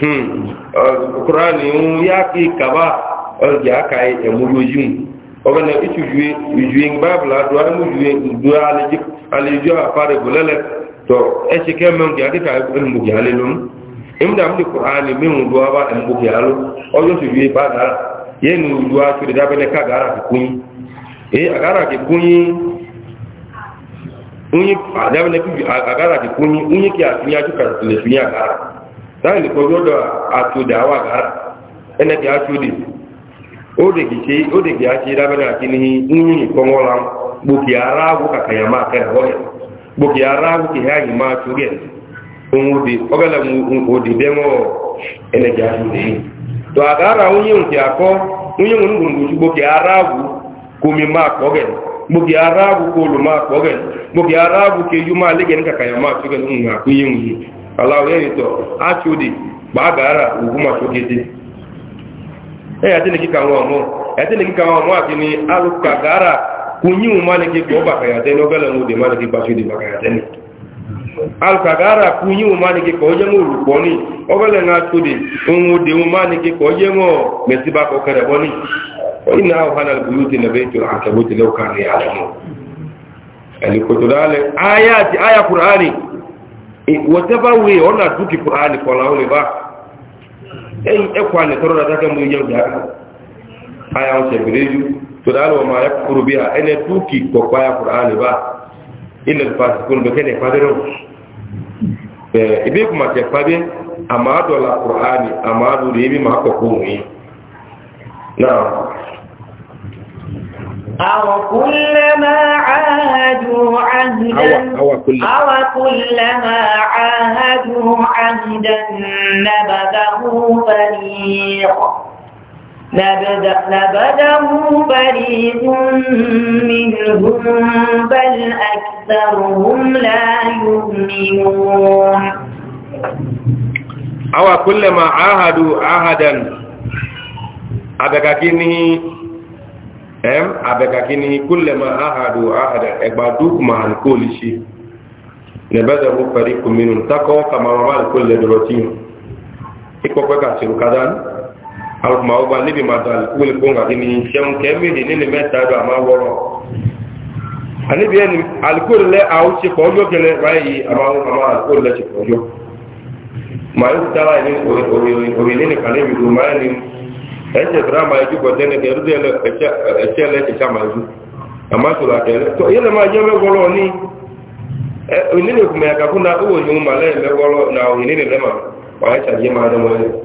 hmm eh, qur'ani ya ki kaba o ya ka e mu na ichu e, e bible e, ji to e ci ke men ga dika en mu ga le lum im da mu qur'ani min duwa ba en mu ga lo o yo su bi ba da ye nu duwa su da bele ka gara ki kun e agara ki kun unyi da bele ki agara ki kun unyi ki atunya ju ka le su ya gara dan le ko do atu da wa gara ene ki atu di o de ki ci o de ki ati da bele ki ni unyi ko ngola bu ki ara bu ka kayama ka ho gbogi ara gbogi ha yi ma torí ẹ̀ ohun odi ọgẹ́lẹ̀ odi dẹ́mọ́ ṣùgbọ́n tó àgára onye nke akọ onye nwere ngwùngwùsù gbogi ara agwụ komi ma kọ́gẹ̀ gbogi ara agwụ kolu ara agwụ ka eyu ma lege ní kàkàyà ma torí ẹ̀ kunyimu mane ki ko ọ kaya teno gala mu de mane ki ba fi de ba kaya teno al kagara kunyimu mane ko je mu ni o gala na to de unwo mu ọ ki ko je mo me si ba ko kare boni wa inna awhana buyuti al law ali ko dale ayati aya qur'ani whatever way ona duki qur'ani ko lawo ba ei e toro da ta mu yau da qur'an wa ma yakfuru biha ene tuki ko kwaya qur'an ba illa al-fasiqun be kene fadero eh ibe kuma ke fabe amma do la qur'ani amma do rebi ma ko ko ni na عاهدوا عهدا أو, عاهدوا عهدا نبذه فريق نبذه فريق منهم بل أكثرهم لا يؤمنون أو كلما عاهدوا عهدا أبكاكيني أم أبكاكيني كلما عاهدوا عهدا أبادوك مع الكل شيء نبذه فريق منهم تقوى كما مال كل دروتين إكوكوكا سيركادان alùpùpù àwọn ọba níbi màdà wọlé kó nǹkan kìíní ṣẹun kẹ́mìlì nínú mẹ́ta ẹ̀dọ̀ àmà wọ́rọ̀ àníbi ẹni alùpùpù lẹ àwọn ṣe pọ̀ ọjọ́ kẹlẹ̀ báyìí àmà alùpùpù lẹ ṣe pọ̀ ọjọ́ màá yóò dára ní òwe nínú kàlẹ́ ìlú máa ní ẹ̀ṣẹ̀ fúra máa ju bọ̀ tẹ́lẹ̀ kẹ́rù dé ẹ̀ṣẹ̀ lẹ ṣe sàmà ju àmà sọ̀rọ̀ àtẹ̀lẹ̀ tó yẹlẹ̀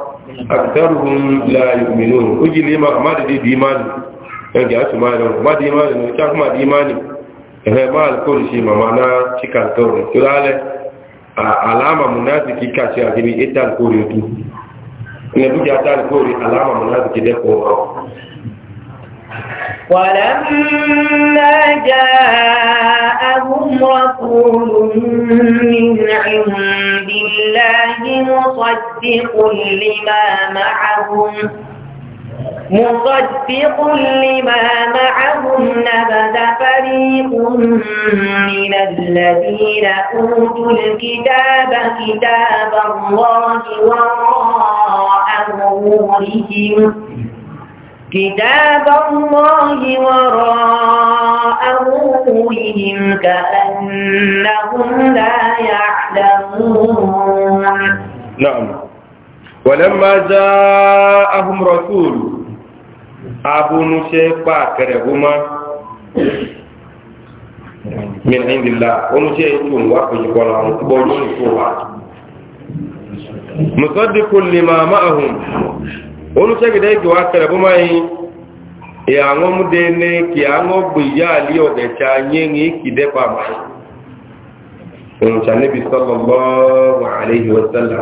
akitaruhun la yominu o jili ma ma de di imani yan ki asu mani ma di imani ni ta kuma di imani ehe ma alkoli shi ma mana cika alkoli to lale alama munafiki ka shi akini ita alkoli otu ne buja ta alkoli alama munafiki de ko ولما جاءهم رسول من عند الله مصدق لما معهم مصدق لما معهم نبذ فريق من الذين أوتوا الكتاب كتاب الله وراء ظهورهم كتاب الله وراء ظهورهم كأنهم لا يعلمون نعم ولما جاءهم رسول أبو نشيخ باكرهما من عند الله ونشيخ وقف يقولون بولون مصدق لما معهم olùsẹ́gidẹ́ ìjọ akẹrẹ bó máa yin ìyàwó múdé ní kí àwọn gbìyà àlí ọ̀gẹ̀ta yẹ́ni kìdẹ́pà máa ìrùnsànẹ́bí sọ́lọ́lọ́wọ́ àlẹ́yìn wọ́sẹ́lá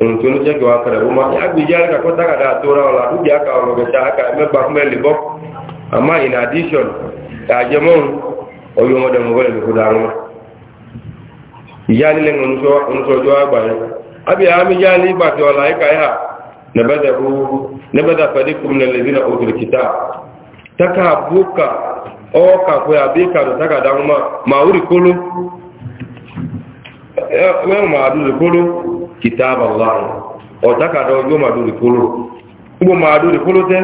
ìrùnsà olùsẹ́gidẹ́ akẹrẹ bó máa yá gbìyà àkọ́ tágàdá àtọ́ra ọ̀la dúkìá aka ọ̀gẹ̀ta aka mẹ́gbà fún ẹ̀lẹ́ bọ́ àmá in addition àjẹmọ́rún ọyọ́ ọmọdé نبذه نبذ فريق من الذين أوتوا الكتاب تكابوكا أوكا كويابيكا تكا دعوما ما أوري كله ما أدوري كله كتاب الله أو تكا دعوما ما أدوري كله ubo ma adori kolote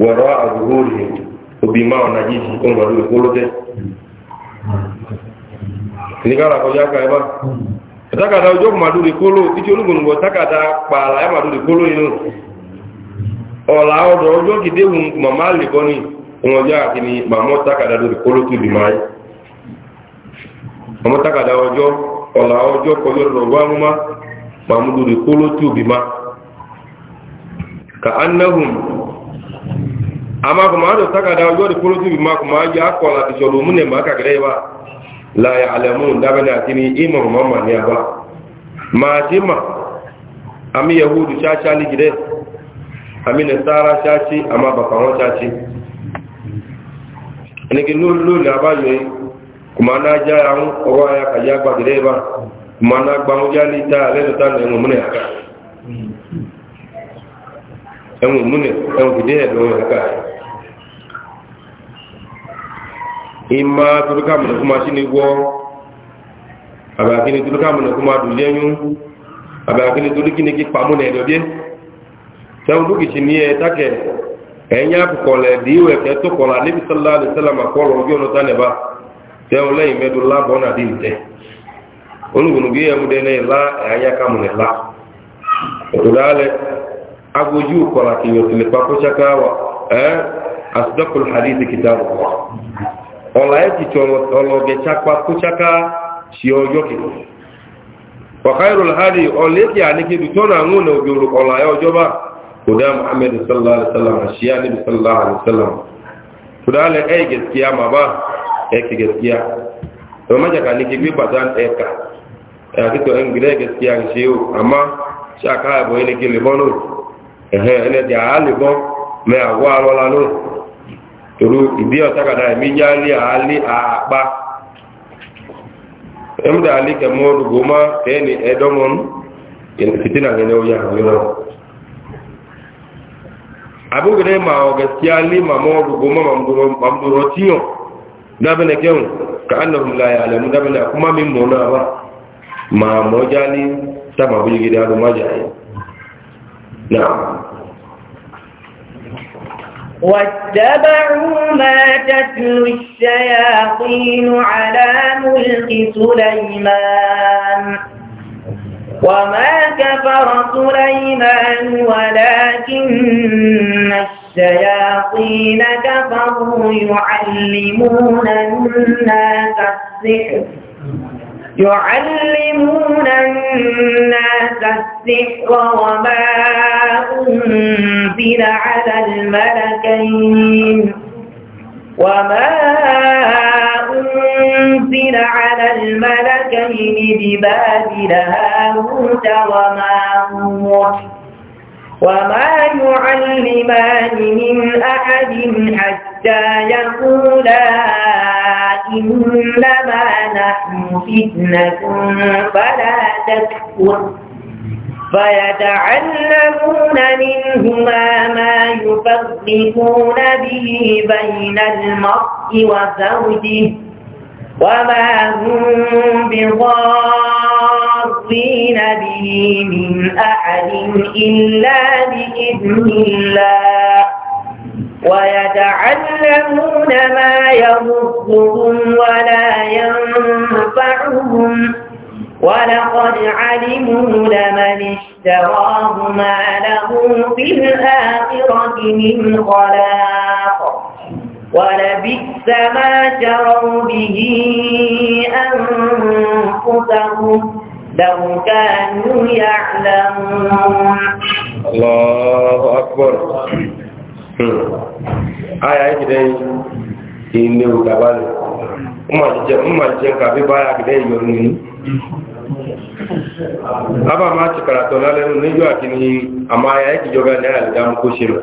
wọ̀rọ̀ àgbòhóòrì òbí máa ọ̀nà yìí ohun àdúrà kólótẹ́. ìdíkàrà kọjá ká ẹ bá takada ojú ọkùnmà lórí kóló títí olúgbònùgbò takada pààlà ẹmà lórí kóló inú ọ̀là ọ̀dọ̀ ọjọ́ kìdéhùn màmá lè bọ́ ní wọn ọjọ́ àti ni màmọ́ takada lórí kóló tó dìmá yìí màmọ́ takada ọjọ́ ọ̀là ọjọ́ kọjọ́ lọ́gbọ́ amúmá màmú lórí kóló tó dìmá ka annahum amakùnmá àdó takada ọjọ́ lórí kóló tó dìmá kùnmá yá kọ́ la ya'lamun daba na kini imam mama ne ba ma jima ami yahudu chacha ni gide ami nasara chachi ama bakawo chachi ne ke lulu na ba yoyi kuma na ja yan owa ya ka ya gba gide ba kuma na gba mu ja ni ta le ta ne mu ne aka hmm. en mu ne en gide do ya ka ima turuka mu kuma shini si abakini turuka mu kuma dujenyu abakini turuki ni kipamu ne dobe tan duki shini e take enya kukole diwe ke to kola nabi sallallahu alaihi wasallam akolo gyo no tane ba te ole imedu la bona dinte onugunu bi e mude ne la la agoju chakawa eh asdaqul hadith kitabullah ọ̀la ẹ̀kìtì ọlọ́gẹ̀chakpa kúchaka ṣe ọjọ́ kìí wàkàírò láàrin ọlẹ́kì àníkébì tó náà ń wọ́n òjòrò na ẹ̀ ọjọ́ bá kò dá muhammed sallallahu alaihi wasallam ṣíyá níbi sallallahu alaihi wasallam kò dá lẹ ẹ̀ gẹ̀ẹ́sìkíyà ya bá ẹ̀kì gẹ̀ẹ́sìkíyà ẹ̀ má jàkà ní kébì bàtà ẹ̀ka ẹ̀ àtìtọ̀ ẹ̀ ń gẹ̀ẹ́ gẹ̀ẹ́sìkíyà ń alụọla torí ìdí ọ̀tàkàdá ẹ̀mí já lé àálé àpá ẹmúdà alé kẹmọ́ ọdúgbò má ẹni ẹ̀dọ́mọ́nú fìtínà gẹ́gẹ́ ó yà nínú abúgbẹ̀rẹ̀ ma ọ̀gẹ̀ tí a lé màmọ́ ọdúgbò má màmúdúró tíyàn dábẹ́lẹ̀ kẹrùn káàlọ́mùláyà alẹ́mú dábẹ́lẹ̀ akúmá mi mọ̀ náà wá màmọ́ já lé sábàbí gidi adùmájà yìí náà واتبعوا ما تتلو الشياطين على ملك سليمان وما كفر سليمان ولكن الشياطين كفروا يعلمون الناس السحر يعلمون الناس السحر وما أنزل على الملكين وما أنزل على الملكين ببابل هاروت وماروت وما يعلمان من أحد حتى يقولا إنما نحن فتنة فلا تكفر فيتعلمون منهما ما يفرقون به بين المرء وزوجه وما هم بضارين به من أحد إلا بإذن الله ويتعلمون ما يضرهم ولا ينفعهم ولقد علموا لمن اشتراه ما له في الآخرة من خلاق ولبئس ما شروا به أنفسهم لو كانوا يعلمون الله أكبر آية كده إنه كبال Umar jẹ́ kàbí báyà gidẹ́ ìyọrù nínú. Abba máa ti kàràtọ̀ lálẹ́nu níjọ́ àti ní àmáyà ìkìjọba ní àìlẹ́dàmú kó ṣe rẹ̀.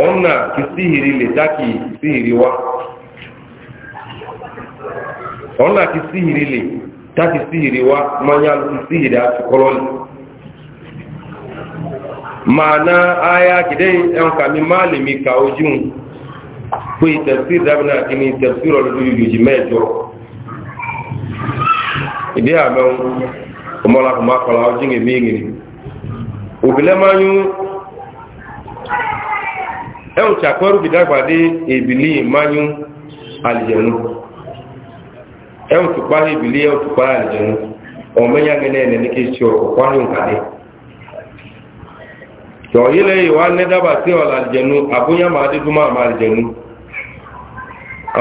ọ̀nà kí síhìrì lè dákì síhìrì wá ọ̀nà kí síhìrì lè dákì síhìrì wá mọ́nyá lórí síhìrì àti kọlọ́lì màánà ayá kìdẹ́ ẹnkà mi máa lè mi ka ojú pé ìtẹ̀sí ìdábìnà kí ni ìtẹ̀sí rọ̀ lórí yòjì mẹ́jọ ìdí àmẹ́wọn ọmọlàkùnmá kọlá ojú ń èmí ìrìn òbílẹ̀ máa yún ẹ̀hùn tí àpẹẹrù ìdágbàdé ìbìlì ìmáyún àlìjẹ̀nú ẹ̀hùn tí pàá ìbìlì ẹ̀hùn tí pàá àlìjẹ̀nú ọmọnyá gẹ́nẹ́ ẹ̀nẹ̀ ní kí ṣe ọ̀pọ̀ ní ìkàdé tọ̀yílẹ̀ ìwà nẹ́dàbà tí ọ̀là àlìjẹ̀nú àbúyá máa dé dúmọ̀ àmà àlìjẹ̀nú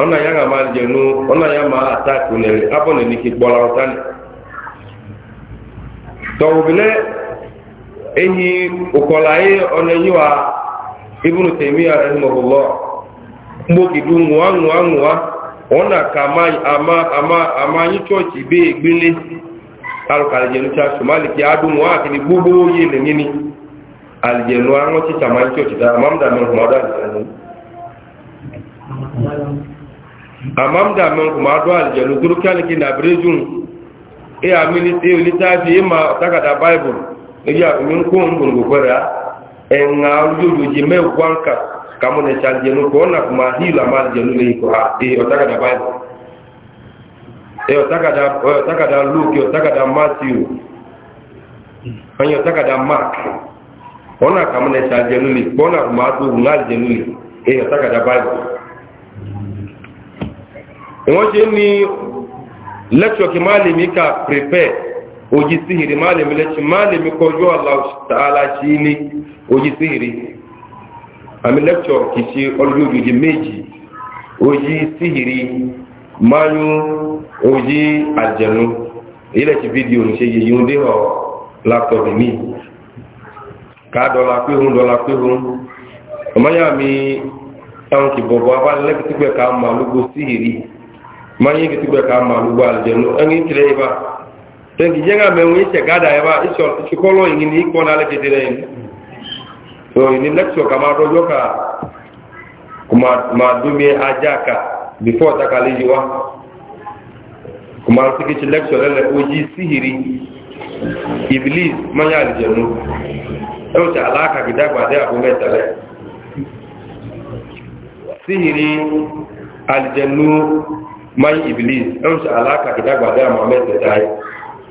ọ̀nà àlìjẹ̀nú ọ̀nà máa àtàkù nẹ̀rẹ̀ ibn taymiya rahimahullah mboki du nwa nwa nwa ona kama ama ama ama yi church be igbele alu kalijenu cha somali ki adu nwa akini gbogbo yi le ngini alijenu anwo ti chama yi church da amam da men kuma da alijenu amam da men kuma do alijenu duru kali ki na brejun e amini e ma takada bible e ya mi ko ngun go kwera ẹ̀ǹà olóòjòjì mẹ́wàá kàmúnẹ̀ ṣàjẹ̀nú kọ́ ọ̀nà kùmà hìlà máa jẹ̀nú lè ikọ̀ àti ọ̀tàkàdà báyìí ẹ̀ ọ̀tàkàdà lókè ọ̀tàkàdà matthew ọ̀yẹ̀ ọ̀tàkàdà mark ọ̀nà kàmúnẹ̀ ṣàjẹ̀nú lè kọ́ ọ̀nà kùmà àtòhùn láti jẹ̀nú lè ẹ̀ ọ̀tàkàdà báyìí wọ́n ṣe ní lẹ́kṣọ̀kì máa lè mí ká prepare oji sihiri malami leci malami ala allah ta'ala ni oji sihiri ami lecture kì í ṣe ọlọ́dún òjòjì méjì oji sihiri mayu oji àjẹnu èyí lẹ́tí fídíò ní ṣe yìí ń déhọ̀ laptop mi ká dọ́là pé hun dọ́là pé hun ya mi tẹ́ǹkì jẹ́ ńgàmẹ́ wọn ìṣẹ̀ gádà ẹ̀ bá ìṣọkọ́lọ́ yìí ní ìpọ́n alẹ́ kedere yìí so ní lẹ́kṣọ̀ kà máa rọjọ́ kà kò máa dúnmí ajá kà bífọ́ takalẹ̀ yìí wá kò máa síkìtì lẹ́kṣọ̀ lẹ́lẹ̀ ojì síhìrì iblis mọ́nyá àlìjẹ̀nu ẹ̀rù tí aláàkà gidàgbàdé àbú mẹ́tẹ̀lẹ̀ síhìrì iblis ẹ̀rù tí aláàkà àbú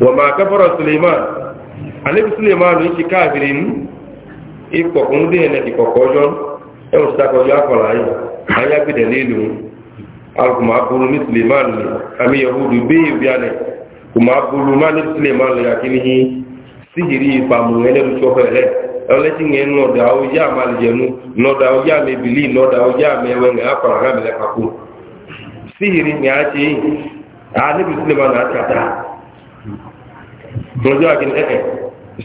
wama kafara suleiman anabi suleiman yi kafiri ni ikọkun dé ẹnẹ ìkọkọjọ ẹwọn ti takọjọ akọla yìí ayagbẹdẹ lélu alùpùpù aburú ní suleiman ni àmì yahudu bẹ́ẹ̀ bí alẹ kùmà aburú má ní suleiman lè yìí síhìrì ẹlẹ́nu tó fẹ́ ọlẹ́tì ń nọ̀dà ọjà nọ̀dà ọjà nọ̀dà ọjà síhìrì suleiman àti àtà. dọjọ́ àgbìn ẹ̀ẹ̀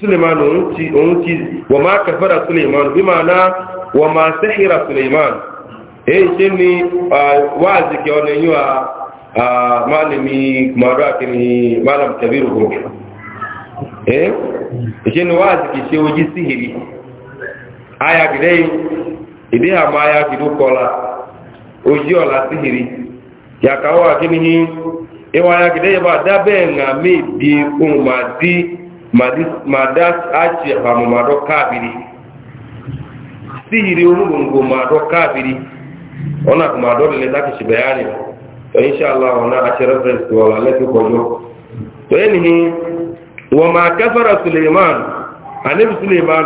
suleiman òun ti òun ti wọ́n máa kẹfẹ́ra suleiman bí máa ná wọ́n máa sẹ́hìra suleiman èyí ṣe ni wáàzì kẹ́ ọ̀nà yíwa máa lè mi kùmàrú àkìní malam kabiru kò ẹ̀ ṣe ni wáàzì kì ṣe ojú síhìrì ayagidẹ́ ìdí àmọ́ ayagidu kọ́la ojú ọ̀la síhìrì yàtọ̀ àwọn iwa ya yaba dabe dábẹ́ ǹà méèdè ụmụ ma dị ájì àpàmù ma dọ́ káàbìrì sí ụmụ olúgbòǹgbò ma dọ́ ọ na-akụ ma dọ́ lè láti ṣìbẹ̀ yá ni ọ na-achị rẹ́fẹ̀rẹ̀sì wọ̀lá lẹ́tọ́ kọjọ́ ma suleiman suleiman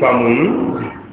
ma na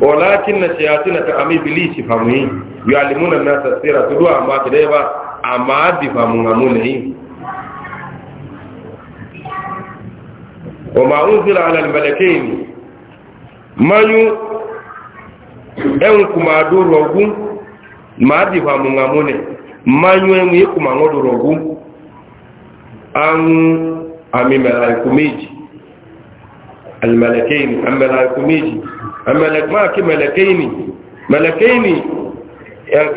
walakin na shayati na ta'ami bilisi famuyi yu'allimuna an-nasa sirra tudu amma kidai ba amma di famun amune yi wa ma unzila ala al-malakaini mayu en kuma do rogu ma di famun amune mayu en yi kuma ngodo rogu an ami malaiku meji al-malakaini am malaiku meji ملك ماك ملكين ملكين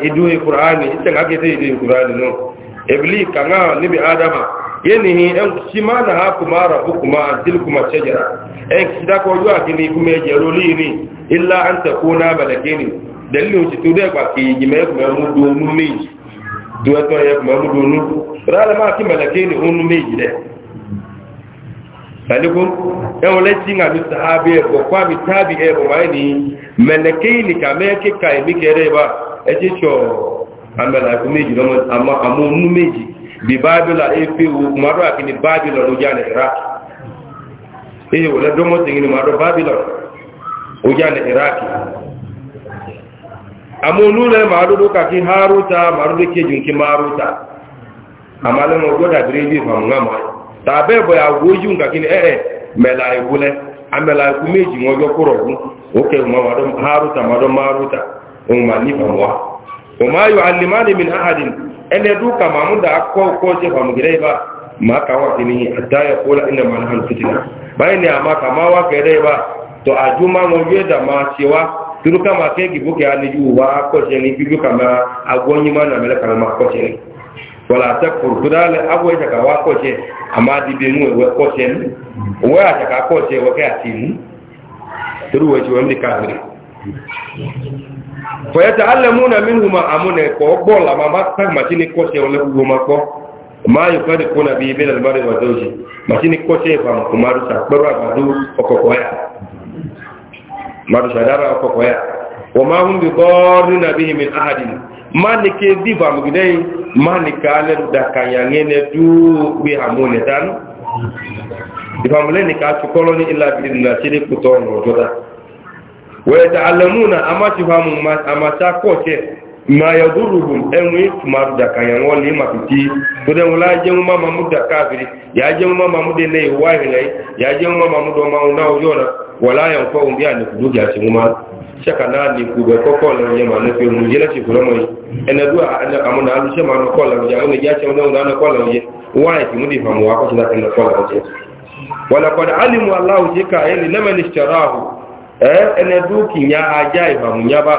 يدوي القرآن إنت عقيت يدوي القرآن نو إبلي كنا نبي آدم ينهي أن شما نهاكما ربكما عن تلكما الشجرة أن كسدك وجواكني كما يجروليني إلا أن تكونا ملكين دليل تتودك وكي يجمعكم يمدون ميج دوتنا يكم يمدون رأى ما كي ملكين هم ميج ده salikun ẹwọn lẹ́tí ń àmì sàábí ẹ̀bọ̀ kọ́ àmì tábí ẹ̀bọ̀ máa ní mẹ̀lẹ̀kẹ́ ìnìkà mẹ́kẹ́kà èmì kẹrẹ ẹba ẹjí ṣọ àmẹ́lẹ̀kù méjì lọ́mọ àmọ́nú méjì bí bábílà éfé wo mọ́rọ̀ àkíní bábílà ló já nìhìrá eyi wọ́n lẹ́dọ́mọ́ tẹ̀yìn ní mọ́rọ̀ bábílà ó já nìhìrá kì àmọ́nú rẹ̀ màrúdó tàbẹ́ bọ̀ ya ojú nǹkan kí ni ẹ̀ẹ́ mẹ́la ikú lẹ́ amẹ́la ikú méjì wọn ma kúrọ̀ fún òkè ọmọdún haruta mọ́dún maruta ohun ma ní fàmúwa ọmọ ayọ̀ alimani min ahadin ẹni dúkà da akọ́ ọkọ́ ṣe fàmùgẹ́rẹ́ ibà ma ka wà kí ni àdáyọ̀ kóla ilẹ̀ náà báyìí ni àmà kà wala takfur kudale abo ya ka wakoche amadi benu we kochen we acha ka koche we ka timu turu we chiwe ndi kafiri fa yata'allamuna minhuma amune ko bola mama tak machini koche ole kugo mako ma ma yukadi kuna bi bila almari wa zawji machini koche fa mkumaru sa barwa badu okoko ya ma maru shadara okoko ya wa ma hum bi dharrina bihi min ahadin mani ke diva mugidai mani kale da kanyangene du bi hamune tan ifamule ni ka tukolo ni illa bi na chiri kutono joda wa yata'allamuna ama tufamu ma ama ta kote ma yaduruhum enwi kumar da kanyango li mapiti to de wala je mu mama muda kafiri ya je mu mama mude ne wahi lai ya je mu mama mudo mauna ujona wala yanfa umbiani kuduga chimuma saka naa ni kube kɔkɔ lɛ ɔnyɛ ma ne fɛ mu yɛlɛ si kura ma yi ɛnɛ do a ɛnɛ amu na alu sɛ ma nɔ kɔ lɛ ɔnyɛ amu na yɛ sɛmu na nɔ kɔ lɛ ɔnyɛ wa yɛ kimu di famu wa kɔsi na ɛnɛ kɔ lɛ ɔnyɛ wala kɔdi ali mu alahu si ka ɛni lɛmɛ ni sitarahu ɛɛ e, ɛnɛ do ki nya aja yi famu nya ba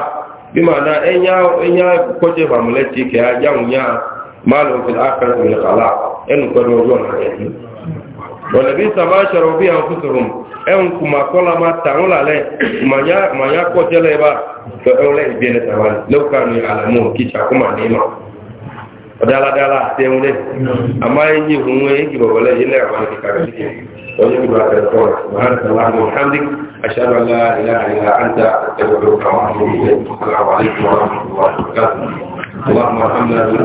bi ma na enya ɛnya e kɔtɛ famu lɛ ti kɛ aja mu nya ma lɛ ofin akɛrɛ mi kala ɛnu kɔdi o yɔ na yɛ saba wọ̀lẹ̀bí sàmà ṣọ̀rọ̀ bí àwọn fúsùrùm ẹ̀hùn kùmà kọ́lá máa tàún lálẹ́ màyá kọ́ tẹ́lẹ̀ bá tọ́ ẹ̀hùnlẹ̀ ìbíẹ̀lẹ̀ tàwà lẹ́wọ̀kánu àlàmù kìtà kọ́mà níma ọ̀dáladála àtẹ́wọ̀lẹ̀ àmá ẹ̀yìn ìhùn ẹ̀yìn ìbọ̀wọ̀lẹ̀ yìí lẹ́wọ̀n kìkàrẹ̀ síkẹ̀ ọjọ́ ìgbà